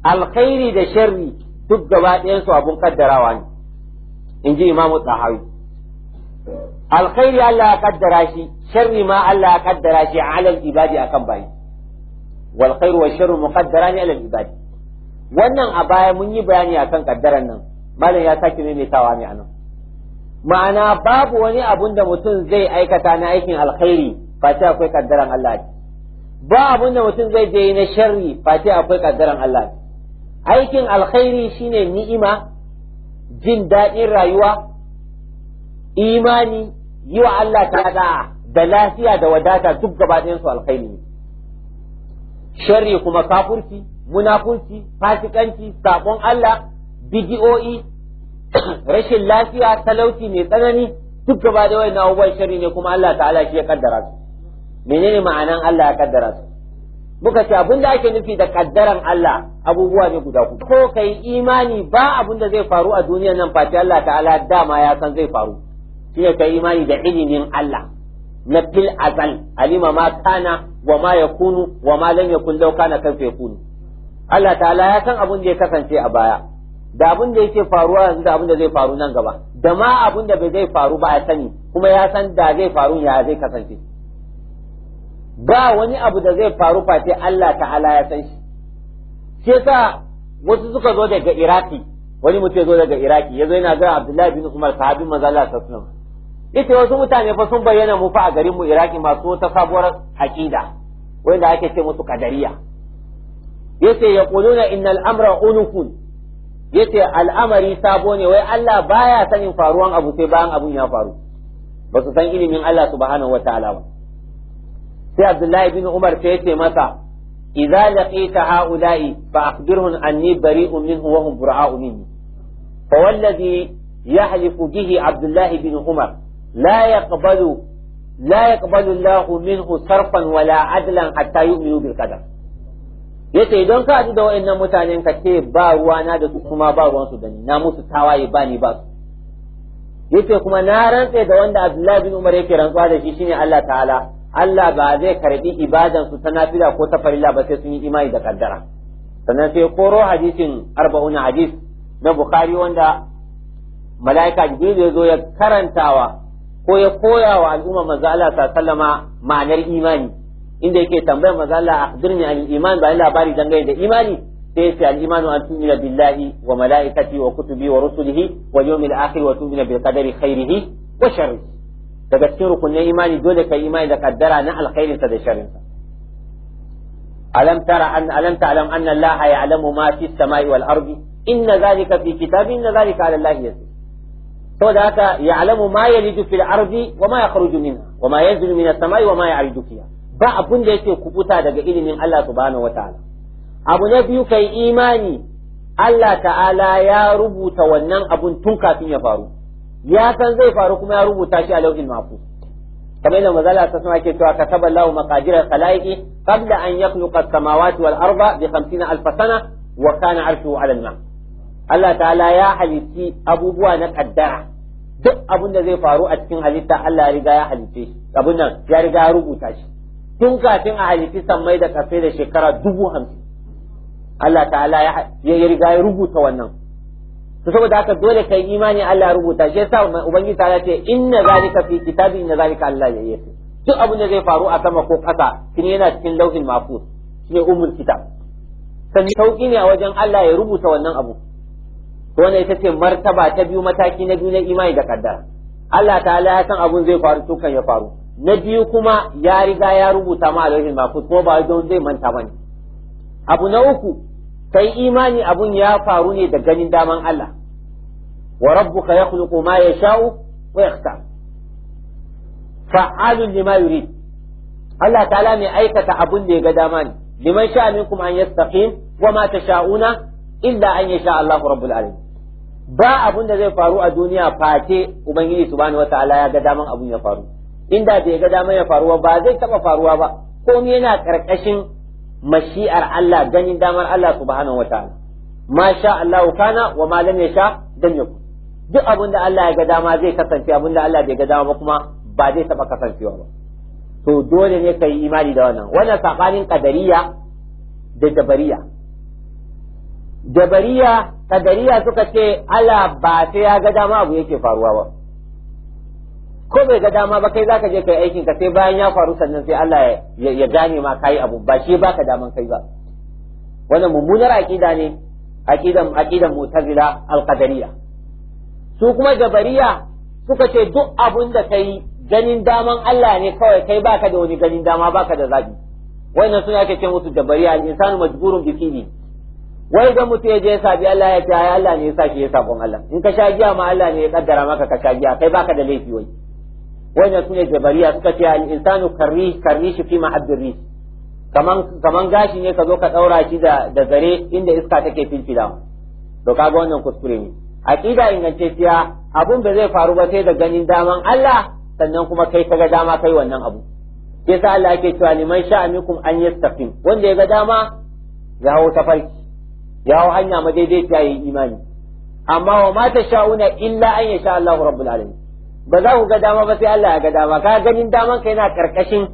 alkhairi da sharri duk gaba ɗayansu abun kaddarawa ne in ji imamu tsahawi alkhairi Allah ya kaddara shi sharri ma Allah ya kaddara shi alal ibadi akan bayi wal khairu wa sharru muqaddaran wannan a baya mun yi bayani akan kaddaran nan malam ya sake maimaitawa ne nan ma'ana babu wani abun da mutum zai aikata na aikin alkhairi face akwai kaddaran Allah ba abun da mutum zai je na sharri face akwai kaddaran Allah aikin alkhairi shine ni'ima jin daɗin rayuwa imani yi wa Allah ta da lafiya da wadata duk gaba su alkhairi ne sharri kuma kafurci munafurci fasikanci saƙon Allah bidi'o'i <coughs> rashin lafiya talauci mai tsanani duk gaba da wani abubuwan sharri ne kuma Allah ta'ala shi ya kaddara su menene ma'anan Allah ya kaddara su muka ce abin da ake nufi da kaddaran Allah abubuwa ne guda hudu ko kai imani ba abun da zai faru a duniyar nan face Allah ta'ala dama ya san zai faru shine kai imani da ilimin Allah na bil azal alima ma kana wa ma yakunu wa ma lam yakun law kana kan yakunu Allah ta'ala ya san abin da ya kasance a baya da abin da yake faruwa yanzu da abin da zai faru nan gaba da ma abin da bai zai faru ba a sani kuma ya san da zai faru ya zai kasance ba wani abu da zai faru face Allah ta'ala ya san shi sai sa wasu suka zo daga Iraki wani mutum ya zo daga Iraki ya zo yana ga Abdullahi bin Umar sahabin manzo Allah sallallahu alaihi wasallam yace wasu mutane fa sun bayyana mu fa a garin Iraki masu wata sabuwar aqida wanda ake ce musu kadariya yace yaquluna innal amra unufun yace al'amari sabo ne wai Allah baya sanin faruwan abu sai bayan abun ya faru ba su san ilimin Allah subhanahu wataala ba sai Abdullahi bin Umar sai yace masa idza laqita haula'i fa akhbirhum anni bari'un minhu wa hum bura'u minni fa wallazi yahlifu bihi Abdullahi bin Umar لا يقبل لا يقبل الله منه صرفا ولا عدلا حتى يؤمنوا بالقدر yace idan ka ji da wayannan mutanen ka ce ba ruwa na da su kuma ba ruwan su da na musu tawaye ba ni ba su yace kuma na rantse da wanda Abdullahi bin Umar yake rantsuwa da shi shine Allah ta'ala Allah ba zai karbi ibadan su ta nafila ko ta farilla ba sai sun yi imani da kaddara sannan sai koro hadisin arba'una hadis na Bukhari wanda mala'ika Jibril ya zo ya karantawa ko ya koya wa al'umma manzo Allah sallama ma'anar imani inda yake tambayar manzo Allah akhbirni an iman ba labari dangane da imani sai ya al imanu an tu'mina billahi wa malaikati wa kutubi wa rusulihi wa yawmil akhir wa tu'mina bil qadari khairihi wa sharrihi daga cikin rukunin imani dole kai imani da kaddara na alkhairin sa da sharrin sa alam tara an alam ta'lam anna Allah ya'lamu ma fis samai wal ardi inna zalika fi kitabin inna zalika ala Allah yasir saboda haka ya'lamu ma yalidu fil arzi wa ma yakhruju minha wa ma yanzilu minas samai wa ma ya'ridu fiha ba abun da yake kubuta daga ilimin Allah subhanahu wataala abu na biyu kai imani Allah ta'ala ya rubuta wannan abun tun kafin ya faru ya san zai faru kuma ya rubuta shi a lauhin mahfuz kamar yadda mazala ta sama ke cewa kataba Allahu maqadir al-khalaiqi qabla an yakhluqa as-samawati wal arda bi 50000 sana wa kana arshuhu 'ala al-ma' Allah ta'ala ya halitti abubuwa na kaddara duk abin da zai faru a cikin halitta Allah ya riga ya halitte shi abin nan ya riga ya rubuta shi tun kafin a halitti sammai da kafe da shekara dubu hamsin Allah ta'ala ya riga ya rubuta wannan to saboda haka dole kai imani Allah ya rubuta shi yasa ubangiji ta ce inna zalika fi kitabi inna zalika Allah ya yi duk abin da zai faru a sama ko ƙasa ne yana cikin lauhin mahfuz ne umul kitab sannan sauki ne a wajen Allah ya rubuta wannan abu wannan ita ce martaba ta biyu mataki na biyu na imani da kaddara Allah ta'ala ya san abun zai faru tukan ya faru na biyu kuma ya riga ya rubuta ma ma ku ko ba don zai manta bane abu na uku kai imani abun ya faru ne da ganin daman Allah wa rabbuka yakhluqu ma yasha'u wa yakhtar fa'alun lima yurid Allah ta'ala mai aikata abun da ya ga dama ne liman sha'a minkum an yastaqim wa ma tasha'una illa an yasha Allahu rabbul alamin ba abun da zai faru a duniya face ubangiji subhanahu ta'ala ya ga daman abun ya faru inda bai ga daman ya faruwa ba zai taba faruwa ba komai yana karkashin mashi'ar Allah ganin damar Allah subhanahu wa ta'ala Masha Allah kana wa ma lam yasha dan yakun duk abun da Allah ya ga dama zai kasance abun da Allah bai ga dama ba kuma ba zai taba kasancewa ba to dole ne ka yi imani da wannan wannan sabanin ƙadariya da dabariya. dabariya kadariya suka ce Allah ba sai ya ga dama abu yake faruwa ba ko bai ga dama ba kai zaka je kai aikin ka sai bayan ya faru sannan sai Allah ya gane ma kai abu ba shi baka daman kai ba wannan mummunar aqida ne aqidan aqidan mu'tazila al su kuma jabariya suka ce duk abun da kai ganin daman Allah ne kawai kai baka da wani ganin dama baka da zabi wannan suna ake ce musu jabariya al-insanu majburun bi wai ga mutum ya je ya sabi Allah ya kiyaye Allah ne ya sa shi ya sabon Allah in ka sha giya ma Allah ne ya kaddara maka ka sha giya kai baka da laifi wai wannan sune jabariya suka ce al insanu karri karri shi fi ma'addirri kaman kaman gashi ne ka zo ka daura shi da da zare inda iska take filfila to kaga wannan kuskure ne aqida ingantacciya abun da zai faru ba sai da ganin daman Allah sannan kuma kai ka ga dama kai wannan abu yasa Allah yake cewa liman sha aminkum an yastaqim wanda ya ga dama ya hawo tafarki ya hau hanya daidai ta yi imani amma wa ma ta sha'una illa an yasha Allahu rabbul alamin ba za ku ga dama ba sai Allah ya ga dama ka ganin daman ka yana karkashin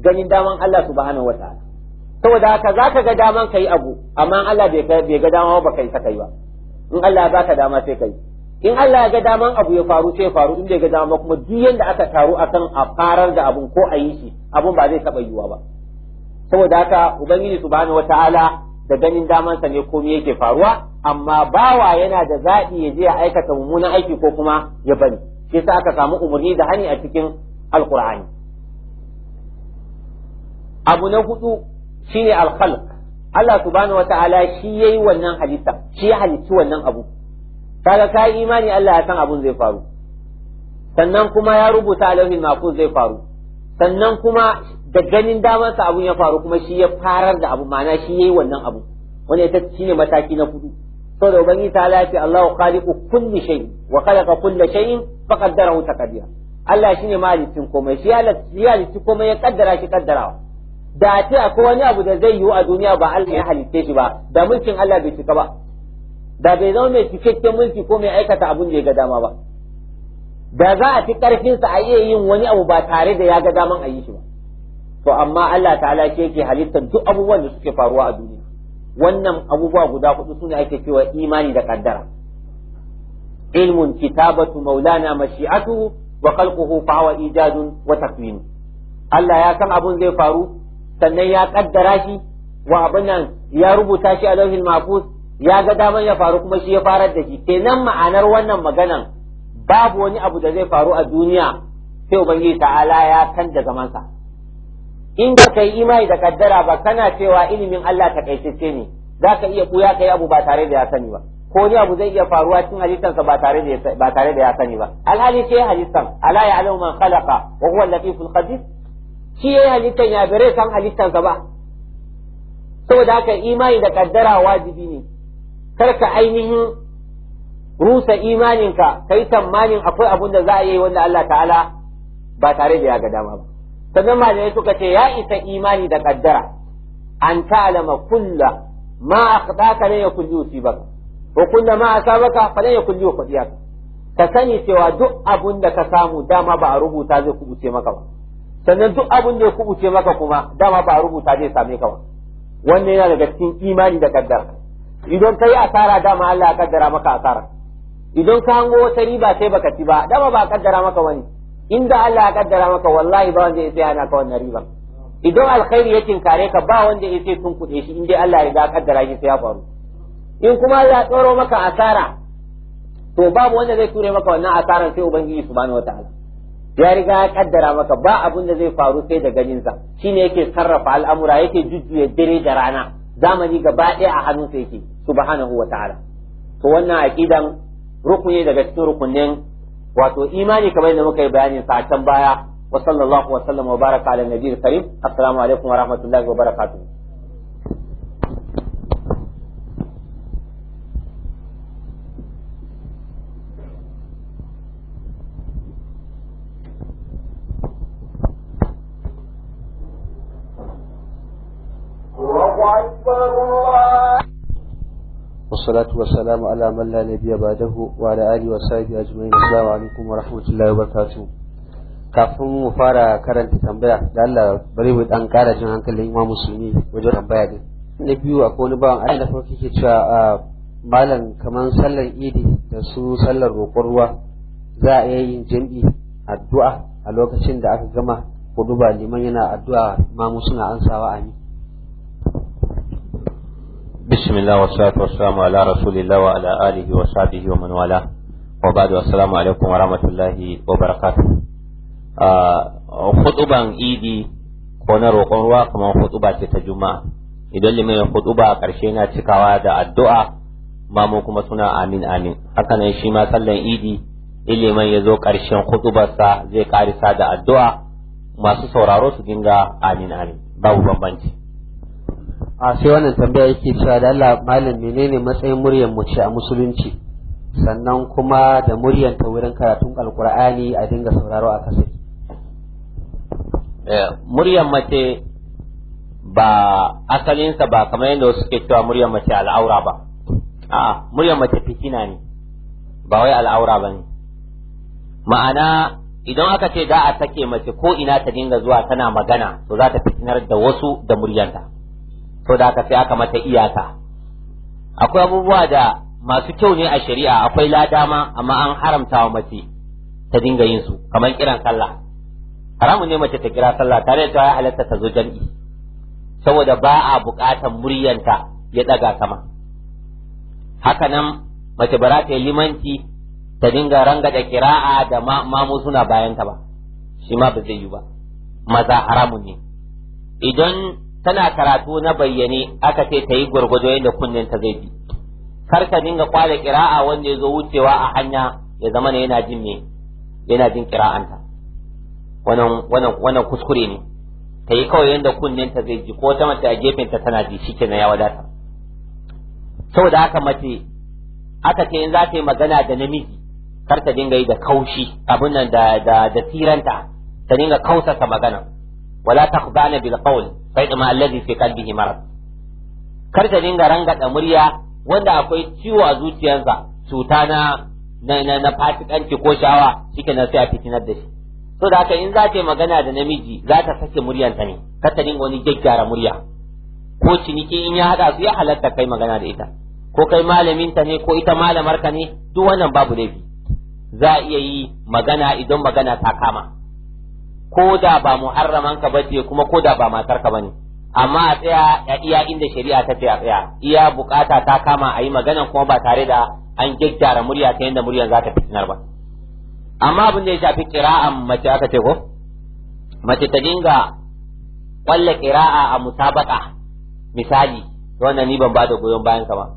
ganin daman Allah subhanahu wataala saboda haka ka ga daman kai abu amma Allah bai bai ga dama ba kai kai ba in Allah ya baka dama sai kai in Allah ya ga daman abu ya faru sai faru in bai ga dama kuma duk yanda aka taru akan a farar da abun ko a yi shi abun ba zai taba yiwuwa ba saboda haka ubangiji subhanahu wataala da ganin damansa ne komai yake faruwa amma bawa yana da zaɓi ya je ya aikata mummunan aiki ko kuma ya bari shi yasa aka samu umarni da hani a cikin alqur'ani abu na hudu shine alkhalq Allah subhanahu wataala shi yayi wannan halitta shi ya halicci wannan abu kaga ka imani Allah ya san abun zai faru sannan kuma ya rubuta alaihi mafuz zai faru sannan kuma da ganin damansa abun ya faru kuma shi ya farar da abu ma'ana shi yayi wannan abu wani ita shine mataki na hudu da ubangi ta lafi Allahu khaliqu kulli shay wa khalaqa kulli shay'in qaddarahu taqdira Allah shine malikin komai shi ya halicci komai ya kaddara shi kaddarawa da ce akwai wani abu da zai yiwu a duniya ba Allah ya halitte shi ba da mulkin Allah bai cika ba da bai zama mai cikakken mulki ko mai aikata abun da ya ga dama ba da za a fi karfinsa a iya yin wani abu ba tare da ya ga daman a yi shi ba to amma Allah ta'ala Ke yake halittar duk abubuwan da suke faruwa a duniya wannan abubuwa guda hudu suna ake cewa imani da kaddara ilmun kitabatu maulana mashi'atu wa khalquhu fa huwa ijadun wa takwin Allah ya san abun zai faru sannan ya kaddara shi wa abin nan ya rubuta shi a lauhin mahfuz ya ga daman ya faru kuma shi ya farar da shi kenan ma'anar wannan maganan babu wani abu da zai faru a duniya sai ubangiji ta'ala ya kan da zamansa in da kai imani da kaddara ba kana cewa ilimin Allah takaitacce ne za ka iya kuya kai abu ba tare da ya sani ba ko ni abu zai iya faruwa cikin halittarsa ba tare da ba tare da ya sani ba alhali ce halittan ala ya alamu man khalaqa wa huwa al-latiful qadir shi yi halittan ya bare san halittarsa ba saboda haka imani da kaddara wajibi ne kar ka ainihin rusa imaninka kai tamanin akwai abun da za a yi wanda Allah ta'ala ba tare da ya ga dama ba sannan malamai suka ce ya isa imani da kaddara an ta'lama kulla ma ya la yakullu ba ko kulla ma asabaka fa kulli yakullu qadiyaka ka sani cewa duk abun da ka samu dama ba a rubuta zai kubuce maka ba sannan duk abun da ya kubuce maka kuma dama ba a rubuta zai same ka ba wannan yana daga cikin imani da kaddara idan ka yi asara dama Allah ya kaddara maka asara idan ka hango wata riba sai baka ci ba dama ba a kaddara maka wani da Allah ya kaddara maka wallahi ba wanda ya sai ana ka wannan riba idan alkhairi ya tinkare ka ba wanda ya sai tun kuɗe shi inda Allah ya kaddara shi sai ya faru in kuma ya tsoro maka asara to babu wanda zai ture maka wannan asaran sai ubangiji subhanahu wataala ya riga ya kaddara maka ba abun da zai faru sai da ganinsa shine yake sarrafa al'amura yake jujjuya dare da rana zamani gaba ɗaya a hannunsa yake subhanahu wataala to wannan aqidan rukuni daga cikin rukunin wato imani kamar da muka yi bayanin sa a can baya wa sallallahu wa sallam wa baraka ala nabiyil karim assalamu alaikum wa rahmatullahi wa barakatuh wassalamu والصلاة والسلام على من لا نبي بعده وعلى آله وصحبه أجمعين السلام عليكم ورحمة الله وبركاته kafin mu fara karanta tambaya da Allah bari mu dan kara jin hankalin imam musulmi wajen tambaya din na biyu akwai wani bawan Allah da farko yake cewa malam kaman sallar idi da su sallar roƙon ruwa za a iya yin jam'i addu'a a lokacin da aka gama duba liman yana addu'a ma mu suna ansawa amin بسم الله والصلاة والسلام على رسول الله وعلى آله وصحبه ومن والاه وبعد السلام عليكم ورحمة الله وبركاته خطبان إيدي كون روقون ruwa kamar خطبة ce ta juma'a idan limin khutba a ƙarshe na cikawa da addu'a mamu kuma suna amin amin haka nan shi ma sallan idi iliman ya zo ƙarshen khutbarsa zai karisa da addu'a masu sauraro su dinga amin amin babu bambanci a sai wannan tambaya yake cewa da Allah malam menene matsayin muryar mu ce a musulunci sannan kuma da muryar ta wurin karatun alqur'ani a dinga sauraro a kasai eh, muryar mace ba asalinsa ba kamar yadda wasu ke cewa muryar mace al'aura ba a muryar mace fitina ne ba wai al'aura ba ne ma'ana idan aka ce za a sake mace ko ina ta dinga zuwa tana magana to za ta fitinar da wasu da muryanta to da aka sai aka mata iyaka akwai abubuwa da masu kyau ne a shari'a akwai lada ma amma an haramta wa mace ta dinga yin su kamar kiran sallah haramu ne mace ta kira sallah tare da ya halatta ta zo jam'i saboda ba a buƙatar muryanta ya ɗaga sama haka nan mace ba za ta yi limanci ta dinga ranga da kira'a da mamu suna bayanta ba shi ma ba zai yi ba maza haramun ne idan tana karatu na bayyane aka ce ta yi gwargwado yadda kunnen ta zai bi kar ka dinga kwale kira'a wanda ya zo wucewa a hanya ya zama ne yana jin me yana jin kira'anta wannan wannan wannan kuskure ne ta yi kawai yadda kunnen ta zai ji ko ta mace a gefen ta tana ji shike na ya wadata saboda haka mace aka ce in za ta yi magana da namiji kar ta dinga yi da kaushi abin nan da da da tiranta ta dinga ta magana wala taqbana bil qawl sai da alladhi fi qalbihi marad kar ta dinga rangada murya wanda akwai ciwo a zuciyarsa cuta na na na fatikanci ko shawa shike na sai a fitinar da shi so da haka in za ta yi magana da namiji za ta sake ta ne kar ta dinga wani gyaggyara murya ko ciniki in ya hada su ya halatta kai magana da ita ko kai malaminta ne ko ita malamarka ne duk wannan babu laifi za a iya yi magana idan magana ta kama ko da ba muharraman ka bace kuma ko da ba matar ka bane amma a tsaya a iya inda shari'a ta tsaya tsaya iya bukata ta kama a yi magana kuma ba tare da an gyaggyara murya ta yadda muryar za ta fitinar ba amma abin da ya shafi kira'an mace aka ce ko mace ta dinga kwalla kira'a a musabaka misali wannan ni ban ba da goyon bayan ka ba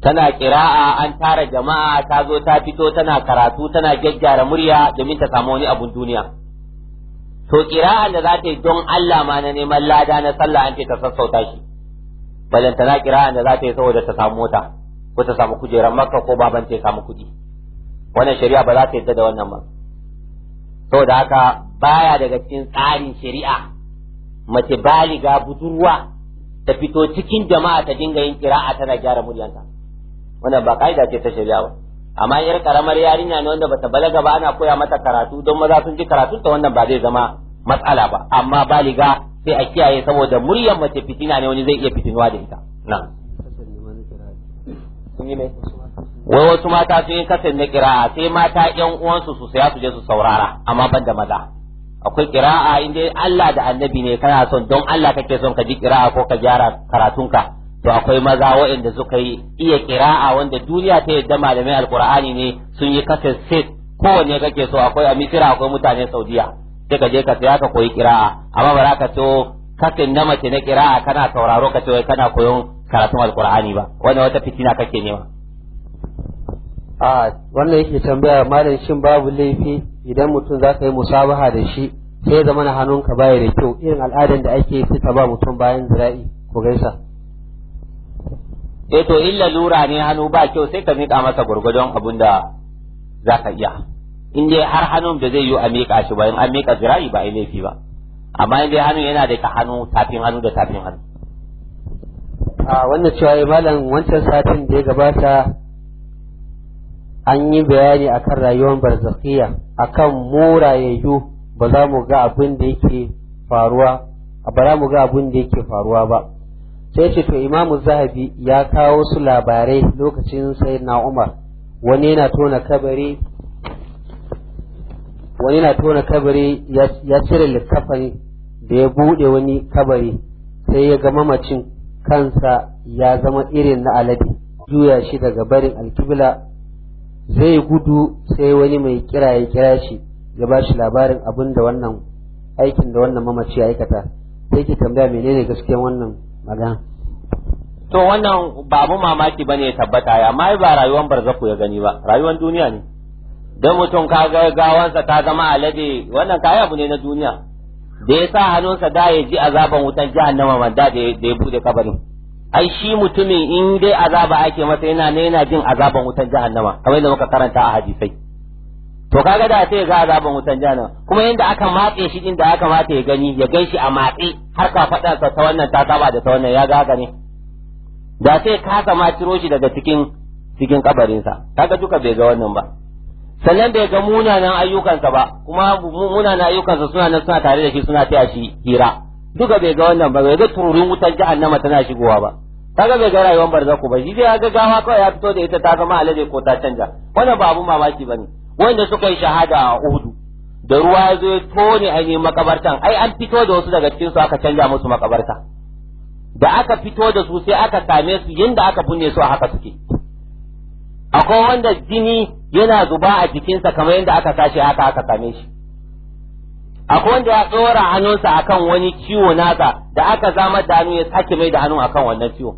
tana kira'a an tara jama'a ta zo ta fito tana karatu tana gaggara murya domin ta samu wani abun duniya to kira'a da za ta yi don Allah ma na neman lada na sallah an ce ta sassauta shi tana kira'a da za ta yi saboda ta samu mota ko ta samu kujerar makka ko baban ta samu kudi. wannan shari'a ba za ta yadda da wannan ba saboda haka baya daga cikin tsarin shari'a mace baliga budurwa ta fito cikin jama'a ta dinga yin kira'a tana gyara muryanta wannan ba kaida ce ta shari'a ba amma yar karamar yarinya ne wanda bata balaga ba ana koya mata karatu don maza sun ji karatu ta wannan ba zai zama matsala ba amma baliga sai a kiyaye saboda muryar mace fitina ne wani zai iya fitinuwa da ita na. wai wasu mata sun yi kasan na kira'a sai mata yan uwansu su saya su je su saurara amma ban da maza akwai kira'a inda Allah da annabi ne kana son don Allah kake son ka ji kira'a ko ka gyara karatunka to akwai maza waɗanda suka yi iya kira'a wanda duniya ta yadda malamai alkur'ani ne sun yi kasar set kowanne kake so akwai a misira akwai mutane saudiya sai ka je ka saya ka koyi kira'a amma ba za ka so kasin na mace na kira'a kana sauraro ka ce kana koyon karatun alkur'ani ba wannan wata fitina kake nema a wannan yake tambaya malam shin babu laifi idan mutum za ka yi musabaha da shi sai zama na hannunka baya da kyau irin al'adar da ake fita ba mutum bayan zira'i ko gaisa eh to illa lura ne hannu ba kyau sai ka miƙa masa gurgudon abin da za ka iya in dai har hannun da zai yi a miƙa shi ba in an miƙa zira'i ba a laifi ba amma in dai hannu yana da ka hannu tafin hannu da tafin hannu a wannan cewa ya malam wancan satin da ya gabata an yi bayani akan rayuwar barzakhiya akan morayayyu ba za mu ga abin da yake faruwa ba za mu ga abin da yake faruwa ba sai ce to imamu zahabi ya kawo su labarai lokacin sai na umar wani tona kabari na tona kabari ya cire likafani da ya bude wani kabari sai ya ga mamacin kansa ya zama irin na alade juya shi daga barin alkibla zai gudu sai wani mai kira ya kira shi ya ba shi labarin abin da wannan aikin da wannan mamaci aikata sai ki tambaya menene gaskiyan wannan to wannan babu mamaki ba ne ya tabbata ya amma ba rayuwar barzaku ya gani ba rayuwar duniya ne don mutum ka ga gawansa ta zama alade wannan kaya abu ne na duniya da ya sa hannunsa da ya ji azaban wutan jihar na mamanda da ya bude kabarin ai shi mutumin in dai azaba ake masa yana ne yana jin azaban wutan jihar nama kamar da muka karanta a hadisai to kaga da sai ga azaban wutan jana kuma yanda aka matse shi inda aka matse ya gani ya ganshi a matse har ka faɗa sa ta wannan ta saba da ta wannan ya ga ne da sai ka sama ciro shi daga cikin cikin kabarinsa kaga duka bai ga wannan ba sannan bai ga munanan ayyukansa ba kuma munanan ayyukansa suna nan suna tare da shi suna taya shi hira duka bai ga wannan ba bai ga tururin wutar jahannama tana shigowa ba kaga bai ga rayuwar barzaku ba shi dai ya ga gawa kawai ya fito da ita ta zama alade ko ta canja wannan ba abun mamaki bane wanda suka yi shahada a Uhudu da ruwa ya zo ya tone makabartan ai an fito da wasu daga cikin su aka canja musu makabarta da aka fito da su sai aka same su yinda aka binne su a haka suke akwai wanda jini yana zuba a jikinsa kamar yadda aka tashi haka aka same shi akwai wanda ya tsora hannunsa akan wani ciwo nasa da aka zama da hannu ya sake mai da hannu akan wannan ciwon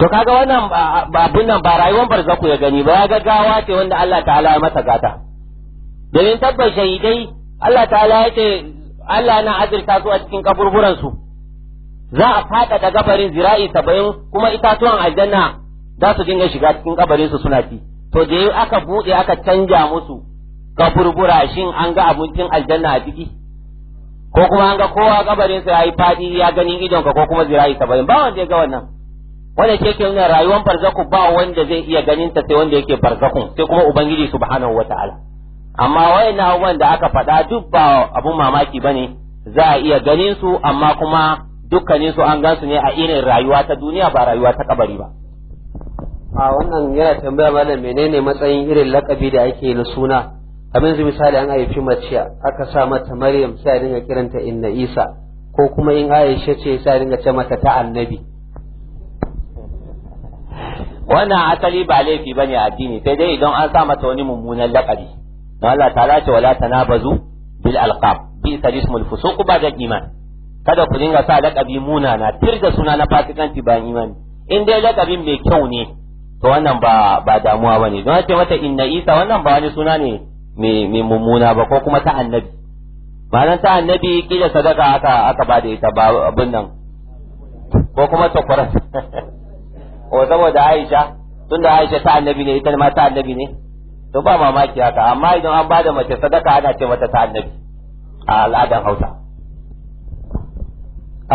to kaga wannan ba abun nan ba rayuwar barzaku ya gani ba ya ga gawa ce wanda Allah ta'ala ya masa gata domin tabbas shahidai Allah ta'ala ya ce Allah na azurta su a cikin kaburburan su za a fada da gabarin zira'i saba'in kuma itatuwan aljanna za su dinga shiga cikin kabarin su suna ci to da aka bude aka canja musu kaburbura shin an ga abincin aljanna a ciki ko kuma an ga kowa kabarin sa yayi fadi ya ganin idonka ko kuma zira'i saba'in ba wanda ya ga wannan wanda ke ke nuna rayuwar barzaku ba wanda zai iya ganin ta sai wanda yake barzakun sai kuma ubangiji subhanahu wataala amma wayannan abubuwan da aka faɗa duk ba abu mamaki bane za a iya ganin su amma kuma dukkanin su an gan su ne a irin rayuwa ta duniya ba rayuwa ta kabari ba a wannan yana tambaya malam menene matsayin irin lakabi da ake na suna abin su misali an haifi mace aka sa mata maryam sai a dinga kiranta inna isa ko kuma in aisha ce sai a dinga ce mata ta annabi wannan asali ba laifi ne a addini sai dai idan an sa mata wani mummunan laƙabi don Allah ta lace wala bazu bil alqab bi talismul fusuq ba da iman kada ku dinga sa lakabi munana tirga suna na fasikanci ba imani in dai lakabin mai kyau ne to wannan ba ba damuwa bane don ce mata inna isa wannan ba wani suna ne mai mummuna ba ko kuma ta annabi ma'anar ta annabi kila sadaka aka aka ba da ita ba abin nan ko kuma ta <laughs> o saboda Aisha tunda Aisha ta annabi ne ita ma ta annabi ne to ba mamaki haka amma idan an bada mace sadaka ana ce mata ta annabi a al'adan Hausa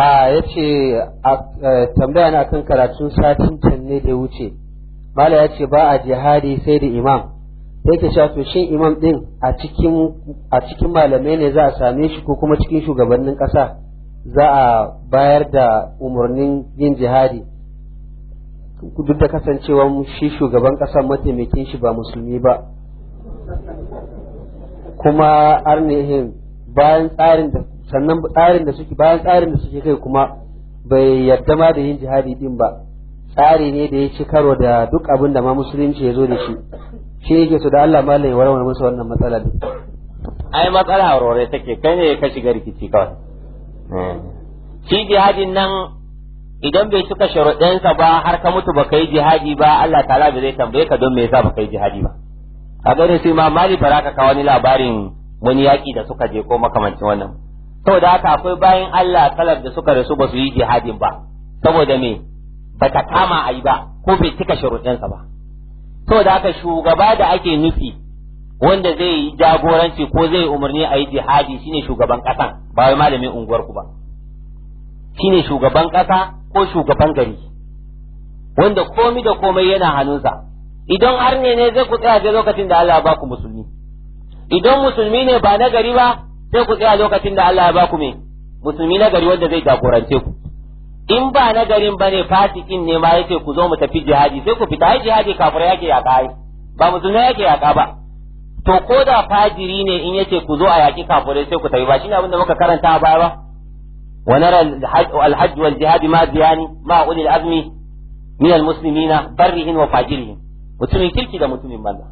a yace tambaya na kan karatun satin can ne da wuce mala yace ba a jihadi sai da imam sai ke to shin imam din a cikin a cikin malamai ne za a same shi ko kuma cikin shugabannin kasa za a bayar da umarnin yin jihadi duk da kasancewa shi shugaban ƙasar mataimakin shi ba musulmi ba kuma arnihin bayan tsarin da sannan tsarin da suke bayan tsarin da suke kai kuma bai yarda ma da yin jihadi din ba tsari ne da ya ci karo da duk abin da ma musulunci ya zo da shi shi yake so da Allah malam ya warware musu wannan matsala din ai matsala aurore take kai ne ka shiga rikici kawai eh. shi jihadin nan idan bai cika sharuɗansa ba har ka mutu ba kai jihadi ba Allah ta'ala bai zai tambaye ka don me yasa ba kai jihadi ba a ne su ma mali baraka ka wani labarin wani yaƙi da suka je ko makamancin wannan saboda haka akwai bayan Allah salaf da suka rasu ba su yi jihadin ba saboda me ba ta kama a yi ba ko bai cika sharuɗansa ba saboda haka shugaba da ake nufi wanda zai yi jagoranci ko zai yi umarni a yi jihadi shine shugaban ƙasa ba wai malamin unguwarku ba shine shugaban ƙasa ko shugaban gari wanda komi da komai yana hannunsa idan har ne ne zai ku tsaya sai lokacin da Allah ya baku musulmi idan musulmi ne ba na gari ba sai ku tsaya lokacin da Allah ya baku me musulmi na gari wanda zai jagorance ku in ba na garin ba ne fasikin ne ma yake ku zo mu tafi jihadi sai ku fita ai jihadi kafir yake ya kai ba musulmi yake ka ba to ko da fajiri ne in yace ku zo a yaki kafirai sai ku tafi ba shine abin da muka karanta a baya ba ونرى الحج والجهاد ماديان مع أولي العزم من المسلمين برهم وفاجرهم mutumin kirki da mutumin banza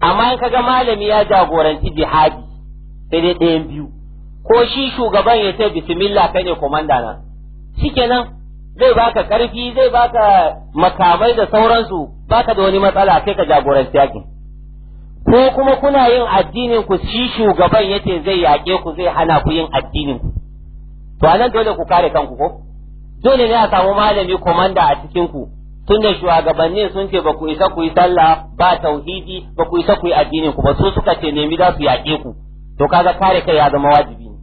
amma in kaga malami ya jagoranci jihadi sai dai ɗayan biyu ko shi shugaban ya ce bismillah kai ne komanda na shikenan zai baka karfi zai baka makamai da sauransu baka da wani matsala sai ka jagoranci ko kuma kuna yin addinin ku shi shugaban yace zai yake ku zai hana ku yin addinin ku to anan dole ku kare kanku ko dole ne a samu malami komanda a cikin ku tun da shugabanni sun ce ba ku isa ku yi sallah ba tauhidi ba ku isa ku yi addinin ku ba su suka ce nemi za su yaƙe ku to kaga kare kai ya zama wajibi ne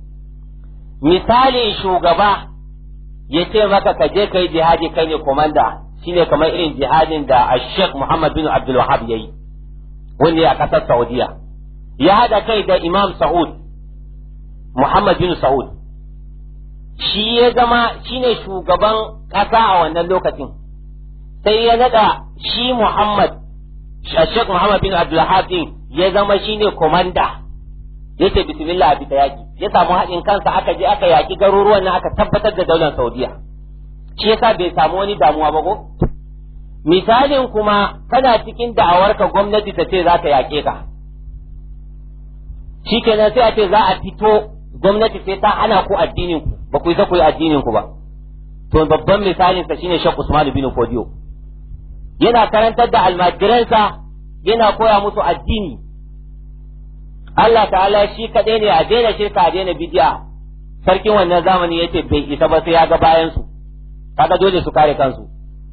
misalin shugaba ya ce maka ka je kai jihadi kai ne komanda shine kamar irin jihadin da Sheikh Muhammad bin Abdul Wahab yayi wanda ya kasar Saudiya ya hada kai da Imam Saud Muhammad bin Saud shi ya zama shi ne shugaban ƙasa a wannan lokacin sai ya naɗa shi Muhammad Sheikh Muhammad bin Abdullahi din ya zama shi ne komanda ce bismillah a fita yaƙi ya samu haɗin kansa aka je aka yaƙi garuruwan nan aka tabbatar da daular Saudiya shi yasa bai samu wani damuwa ba ko misalin kuma kana cikin da'awarka gwamnati ta ce za ta yaƙe ka shikenan sai a ce za a fito gwamnati sai ta ana ku addinin ku ba ku isa ku yi addinin ku ba to babban misalin sa shine Sheikh Usman bin Fodiyo yana karantar da almajiransa yana koya musu addini Allah ta'ala shi kadai ne a daina shirka a daina bidiya sarkin wannan zamani yace bai isa ba sai ya ga bayan su kaga dole su kare kansu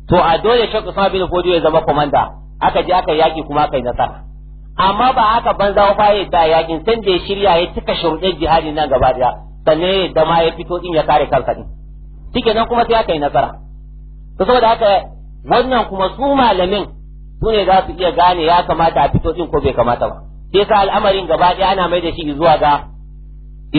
to a dole Sheikh Usman bin Fodiyo ya zama komanda aka ji aka yaki kuma aka yi nasara amma ba aka banza fa da yakin san da ya shirya ya cika shurɗin jihadin nan gaba daya balle da ma ya fito in ya kare kansa din nan kuma sai aka yi nasara to saboda haka wannan kuma su malamin su ne za su iya gane ya kamata a fito din ko bai kamata ba sai sa al'amarin gaba ɗaya ana mai da shi zuwa ga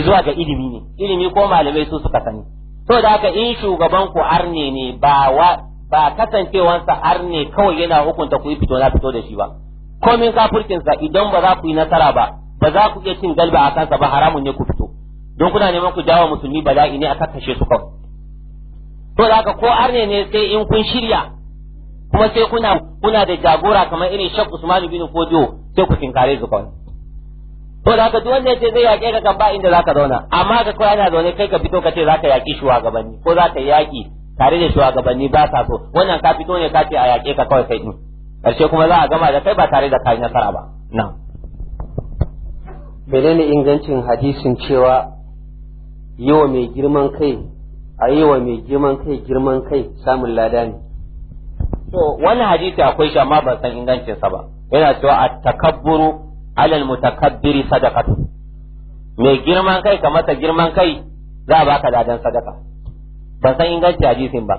zuwa ga ilimi ne ilimi ko malamai su suka sani saboda haka in shugaban ku arne ne ba wa ba kasancewansa arne kawai yana hukunta ku yi fito na fito da shi ba komin kafirkinsa idan ba za ku yi nasara ba ba za ku iya cin galba a kansa ba haramun ne ku fito don kuna neman ku jawo musulmi bala'i ne a kakkashe su kawai to da haka ko arne ne sai in kun shirya kuma sai kuna kuna da jagora kamar irin shak Usman bin Fodio sai ku tinkare su kawai to da haka duk wanda yace zai yaƙe ka kan ba inda zaka zauna amma ka kawai ana zaune kai ka fito ka ce zaka yaƙi shugabanni ko zaka yaƙi tare da shugabanni ba sa so wannan ka fito ne ka ce a yaƙe ka kawai kai din karshe kuma za a gama da kai ba tare da kayan nasara ba na menene ingancin hadisin cewa yi wa mai girman kai a yi wa mai girman kai girman kai samun lada ne to wani hadisi akwai shi amma ban san ingancinsa ba yana cewa a takabburu alal mutakabbiri sadaqatu mai girman kai ka masa girman kai za a baka ladan sadaka ban san inganci hadisin ba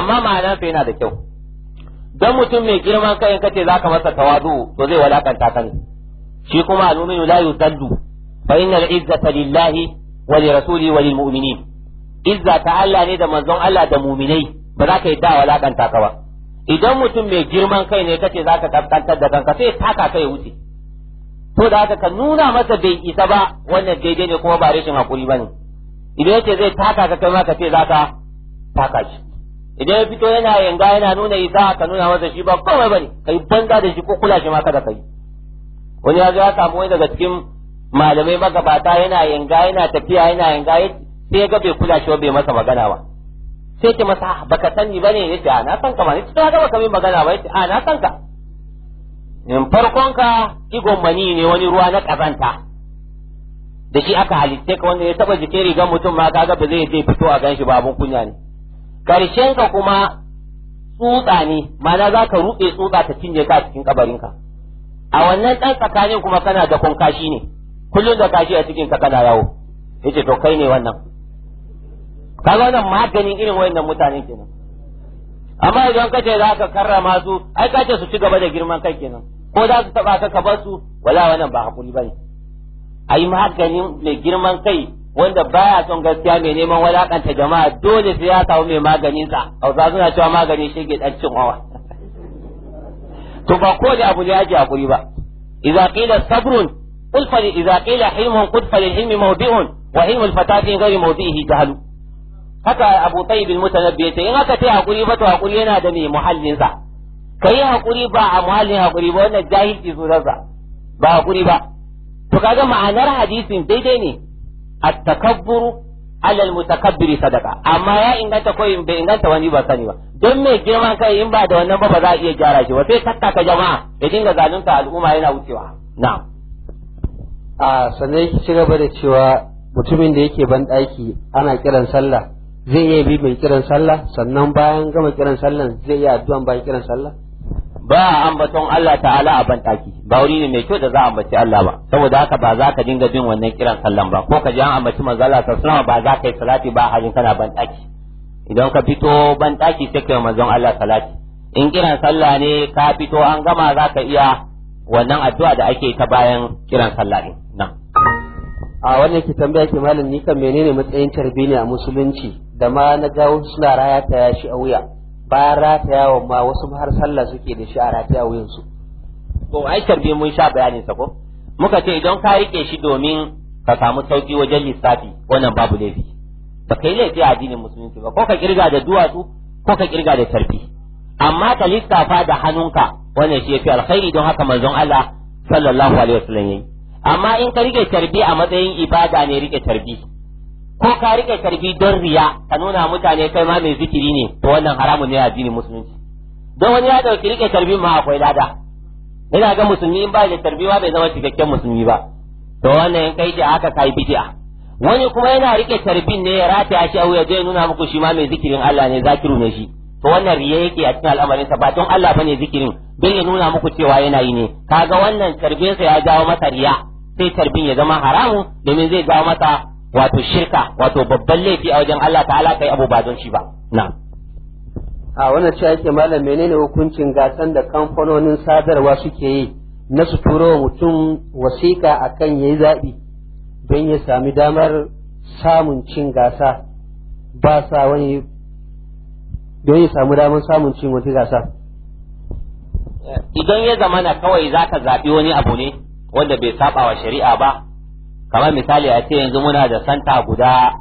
amma ma'anar sai yana da kyau Don mutum mai girman kai in kace ka masa tawadu to zai walakanta ka ne shi kuma al'uminu la yudallu fa innal izzata lillahi wa li rasuli wa lil mu'minin izza ta Allah ne da manzon Allah da mu'minai ba za ka yi da walakanta ka ba idan mutum mai girman kai ne kace za ka kaskantar da kanka sai taka kai wuce to da haka ka nuna masa bai isa ba wannan daidai ne kuma ba rashin hakuri bane idan yace zai taka ka kai ma ka ce za ka taka shi idan ya fito yana yanga yana nuna isa ka nuna masa shi ba komai bane kai banza da shi ko kula shi ma kada kai wani ya zo ya samu wani daga cikin malamai magabata yana yanga yana tafiya yana yanga sai ga bai kula shi bai masa magana ba sai ki masa ah, baka sani bane yace a ah, na san ka ba yace ga baka mai magana ba yace a ah, na san ka in farkon ka igon mani ne wani ruwa na kazanta da shi aka halitta ka wanda ya taba jikin rigar mutum ma kaga ba zai je fito a ganshi ba abun kunya ne karshen ka kuma tsutsa ne mana za ka ruɗe tsutsa ta cinye ka cikin kabarinka a wannan ɗan tsakanin kuma kana da kunkashi ne kullum da kashi a cikin kakana kana yawo yace to kai ne wannan kaga wannan maganin irin wayannan mutanen kenan amma idan ka ce za ka karrama su ai ka ce su ci gaba da girman kai kenan ko za su taba ka ka bar su wala wannan ba hakuri bane ai maganin mai girman kai wanda baya son gaskiya mai neman walakanta jama'a dole sai ya samu mai maganin sa hausa suna cewa magani shi ke dan cin wawa <laughs> to ba ko da abu ne ake hakuri ba idza qila sabrun قل فإذا قيل حلم قد فللحلم موضع وحلم الفتاة في غير موضعه جهل haka abu tayyib almutanabbi ta in aka ce hakuri ba to hakuri yana da me muhallin sa kai hakuri ba a muhallin hakuri ba wannan jahilci sunan sa ba hakuri ba to kaga ma'anar hadisin daidai ne at-takabburu ala al-mutakabbiri sadaqa amma ya inganta ko in bai inganta wani ba sani ba don me girman kai in ba da wannan ba ba za a iya gyara shi ba sai takka ka jama'a ya dinga zalunta al'umma yana wucewa na'am a sannan yake ci gaba da cewa mutumin da yake ban ɗaki ana kiran sallah zai iya bi mai kiran sallah sannan bayan gama kiran sallah zai iya addu'an bayan kiran sallah ba ambaton Allah ta'ala a ban ɗaki ba wuri ne mai kyau da za a ambaci Allah ba saboda haka ba za ka dinga bin wannan kiran sallan ba ko ka ji an ambaci manzo Allah sallallahu ba za ka yi salati ba halin kana ban ɗaki idan ka fito ban ɗaki sai ka yi manzon Allah salati in kiran sallah ne ka fito an gama za ka iya wannan addu'a da ake ta bayan kiran sallah din nan a wannan ki tambaya ki malam ni kan menene matsayin tarbiyya a musulunci da ma na ga wasu suna ya shi a wuya bayan rataya yawo ma wasu har sallah suke da shi a rataya wuyan su to ai tarbiyya mun sha bayanin sa ko muka ce idan ka rike shi domin ka samu sauki wajen lissafi wannan babu laifi ba kai laifi a addinin musulunci ba ko ka kirga da duwatsu ko ka kirga da tarbiyya amma ka lissafa da hannunka wannan shi yafi alkhairi don haka manzon Allah sallallahu alaihi wasallam yayi amma in ka rike tarbi a matsayin ibada ne rike tarbi ko ka rike tarbi don riya ka nuna mutane kai ma mai zikiri ne to wannan haramun ne a addinin musulunci don wani ya dauki rike tarbi ma akwai lada ina ga musulmi in ba da tarbi ba bai zama cikakken musulmi ba to wannan in kai ji aka kai bid'a wani kuma yana rike tarbin ne ya rataya shi a wuya zai nuna muku shi ma mai zikirin Allah ne zakiru ne shi to wannan riya yake a cikin al'amarin sa ba don Allah bane zikirin don ya nuna muku cewa yana yi ne kaga wannan tarbiyar sa ya jawo masa riya sai tarbin ya zama haramu domin zai jawo masa wato shirka wato babban laifi a wajen Allah ta'ala kai abu ba don shi ba na. a wannan cewa yake malam menene hukuncin gasan da kamfanonin sadarwa suke yi na su turo mutum wasiƙa akan yayi zaɓi don ya sami damar samun cin gasa ba sa wani don ya samu damar samun cin wata gasa idan ya zama na kawai za ka zaɓi wani abu ne wanda bai saba wa shari'a ba kamar misali a ce yanzu muna da santa guda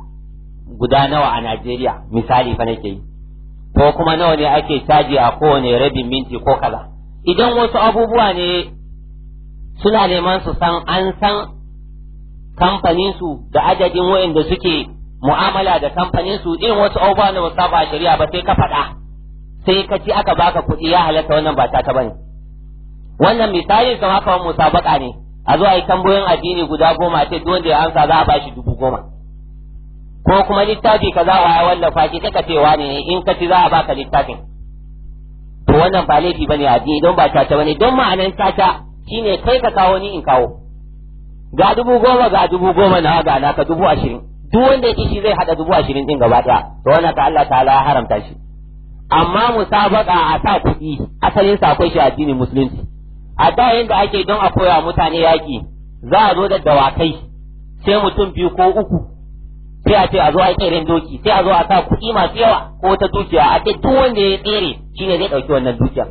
guda nawa a Najeriya misali fa nake yi ko kuma nawa ne ake caji a kowane rabin minti ko kaza idan wasu abubuwa ne suna neman su san an san kamfaninsu da adadin wayanda suke mu'amala da kamfanin su in wasu abubuwa da ba saba shari'a ba sai ka faɗa sai ka ci aka baka kuɗi ya halatta wannan ba ta bane wannan misali kamar haka wani musabaka ne a zo a yi tambayoyin addini guda goma sai duk wanda ya amsa za a bashi dubu goma ko kuma littafi a wa ya wallafa ka kaka cewa ne in ka ci za a baka littafin to wannan ba laifi bane addini don ba caca bane don ma'anan caca shine kai ka kawo ni in kawo ga dubu goma ga dubu goma na ga naka dubu ashirin duk wanda ya kishi zai hada dubu ashirin din gaba daya to wannan ka Allah ta'ala ya haramta shi amma musabaqa a sa kuɗi asalin sa akwai shi addinin musulunci a da yanda ake don a koya mutane yaƙi za a zo da dawakai sai mutum biyu ko uku sai a ce a zo a tseren doki sai a zo a sa kuɗi masu yawa ko ta dukiya a ce duk wanda ya tsere shine zai ɗauki wannan dukiya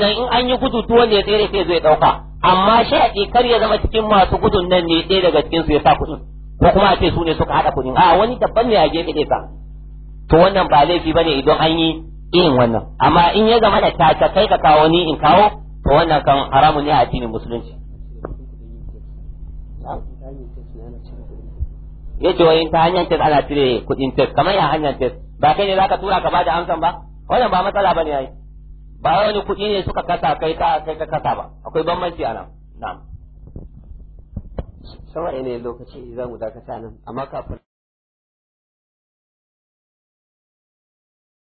nan in an yi gudu duk wanda ya tsere sai zai ɗauka amma shi a kar ya zama cikin masu gudun nan ne ɗaya daga cikin su ya sa kuɗin ko kuma a ce su ne suka haɗa kuɗin a wani dabban ne a gefe ne sa to wannan ba laifi ba ne idan an yi irin wannan amma in ya zama da tata kai ka kawo ni in kawo to wannan kan haramun ne a addinin musulunci ce wai ta hanyar tes ana cire kuɗin tes kamar ya hanyar tes ba kai ne zaka tura ka ba da amsan ba wannan ba matsala ya yi ba wani kuɗi ne suka kasa kai ka kai ka kasa ba akwai bambanci nan na'am sama ne lokaci za mu dakata nan amma kafin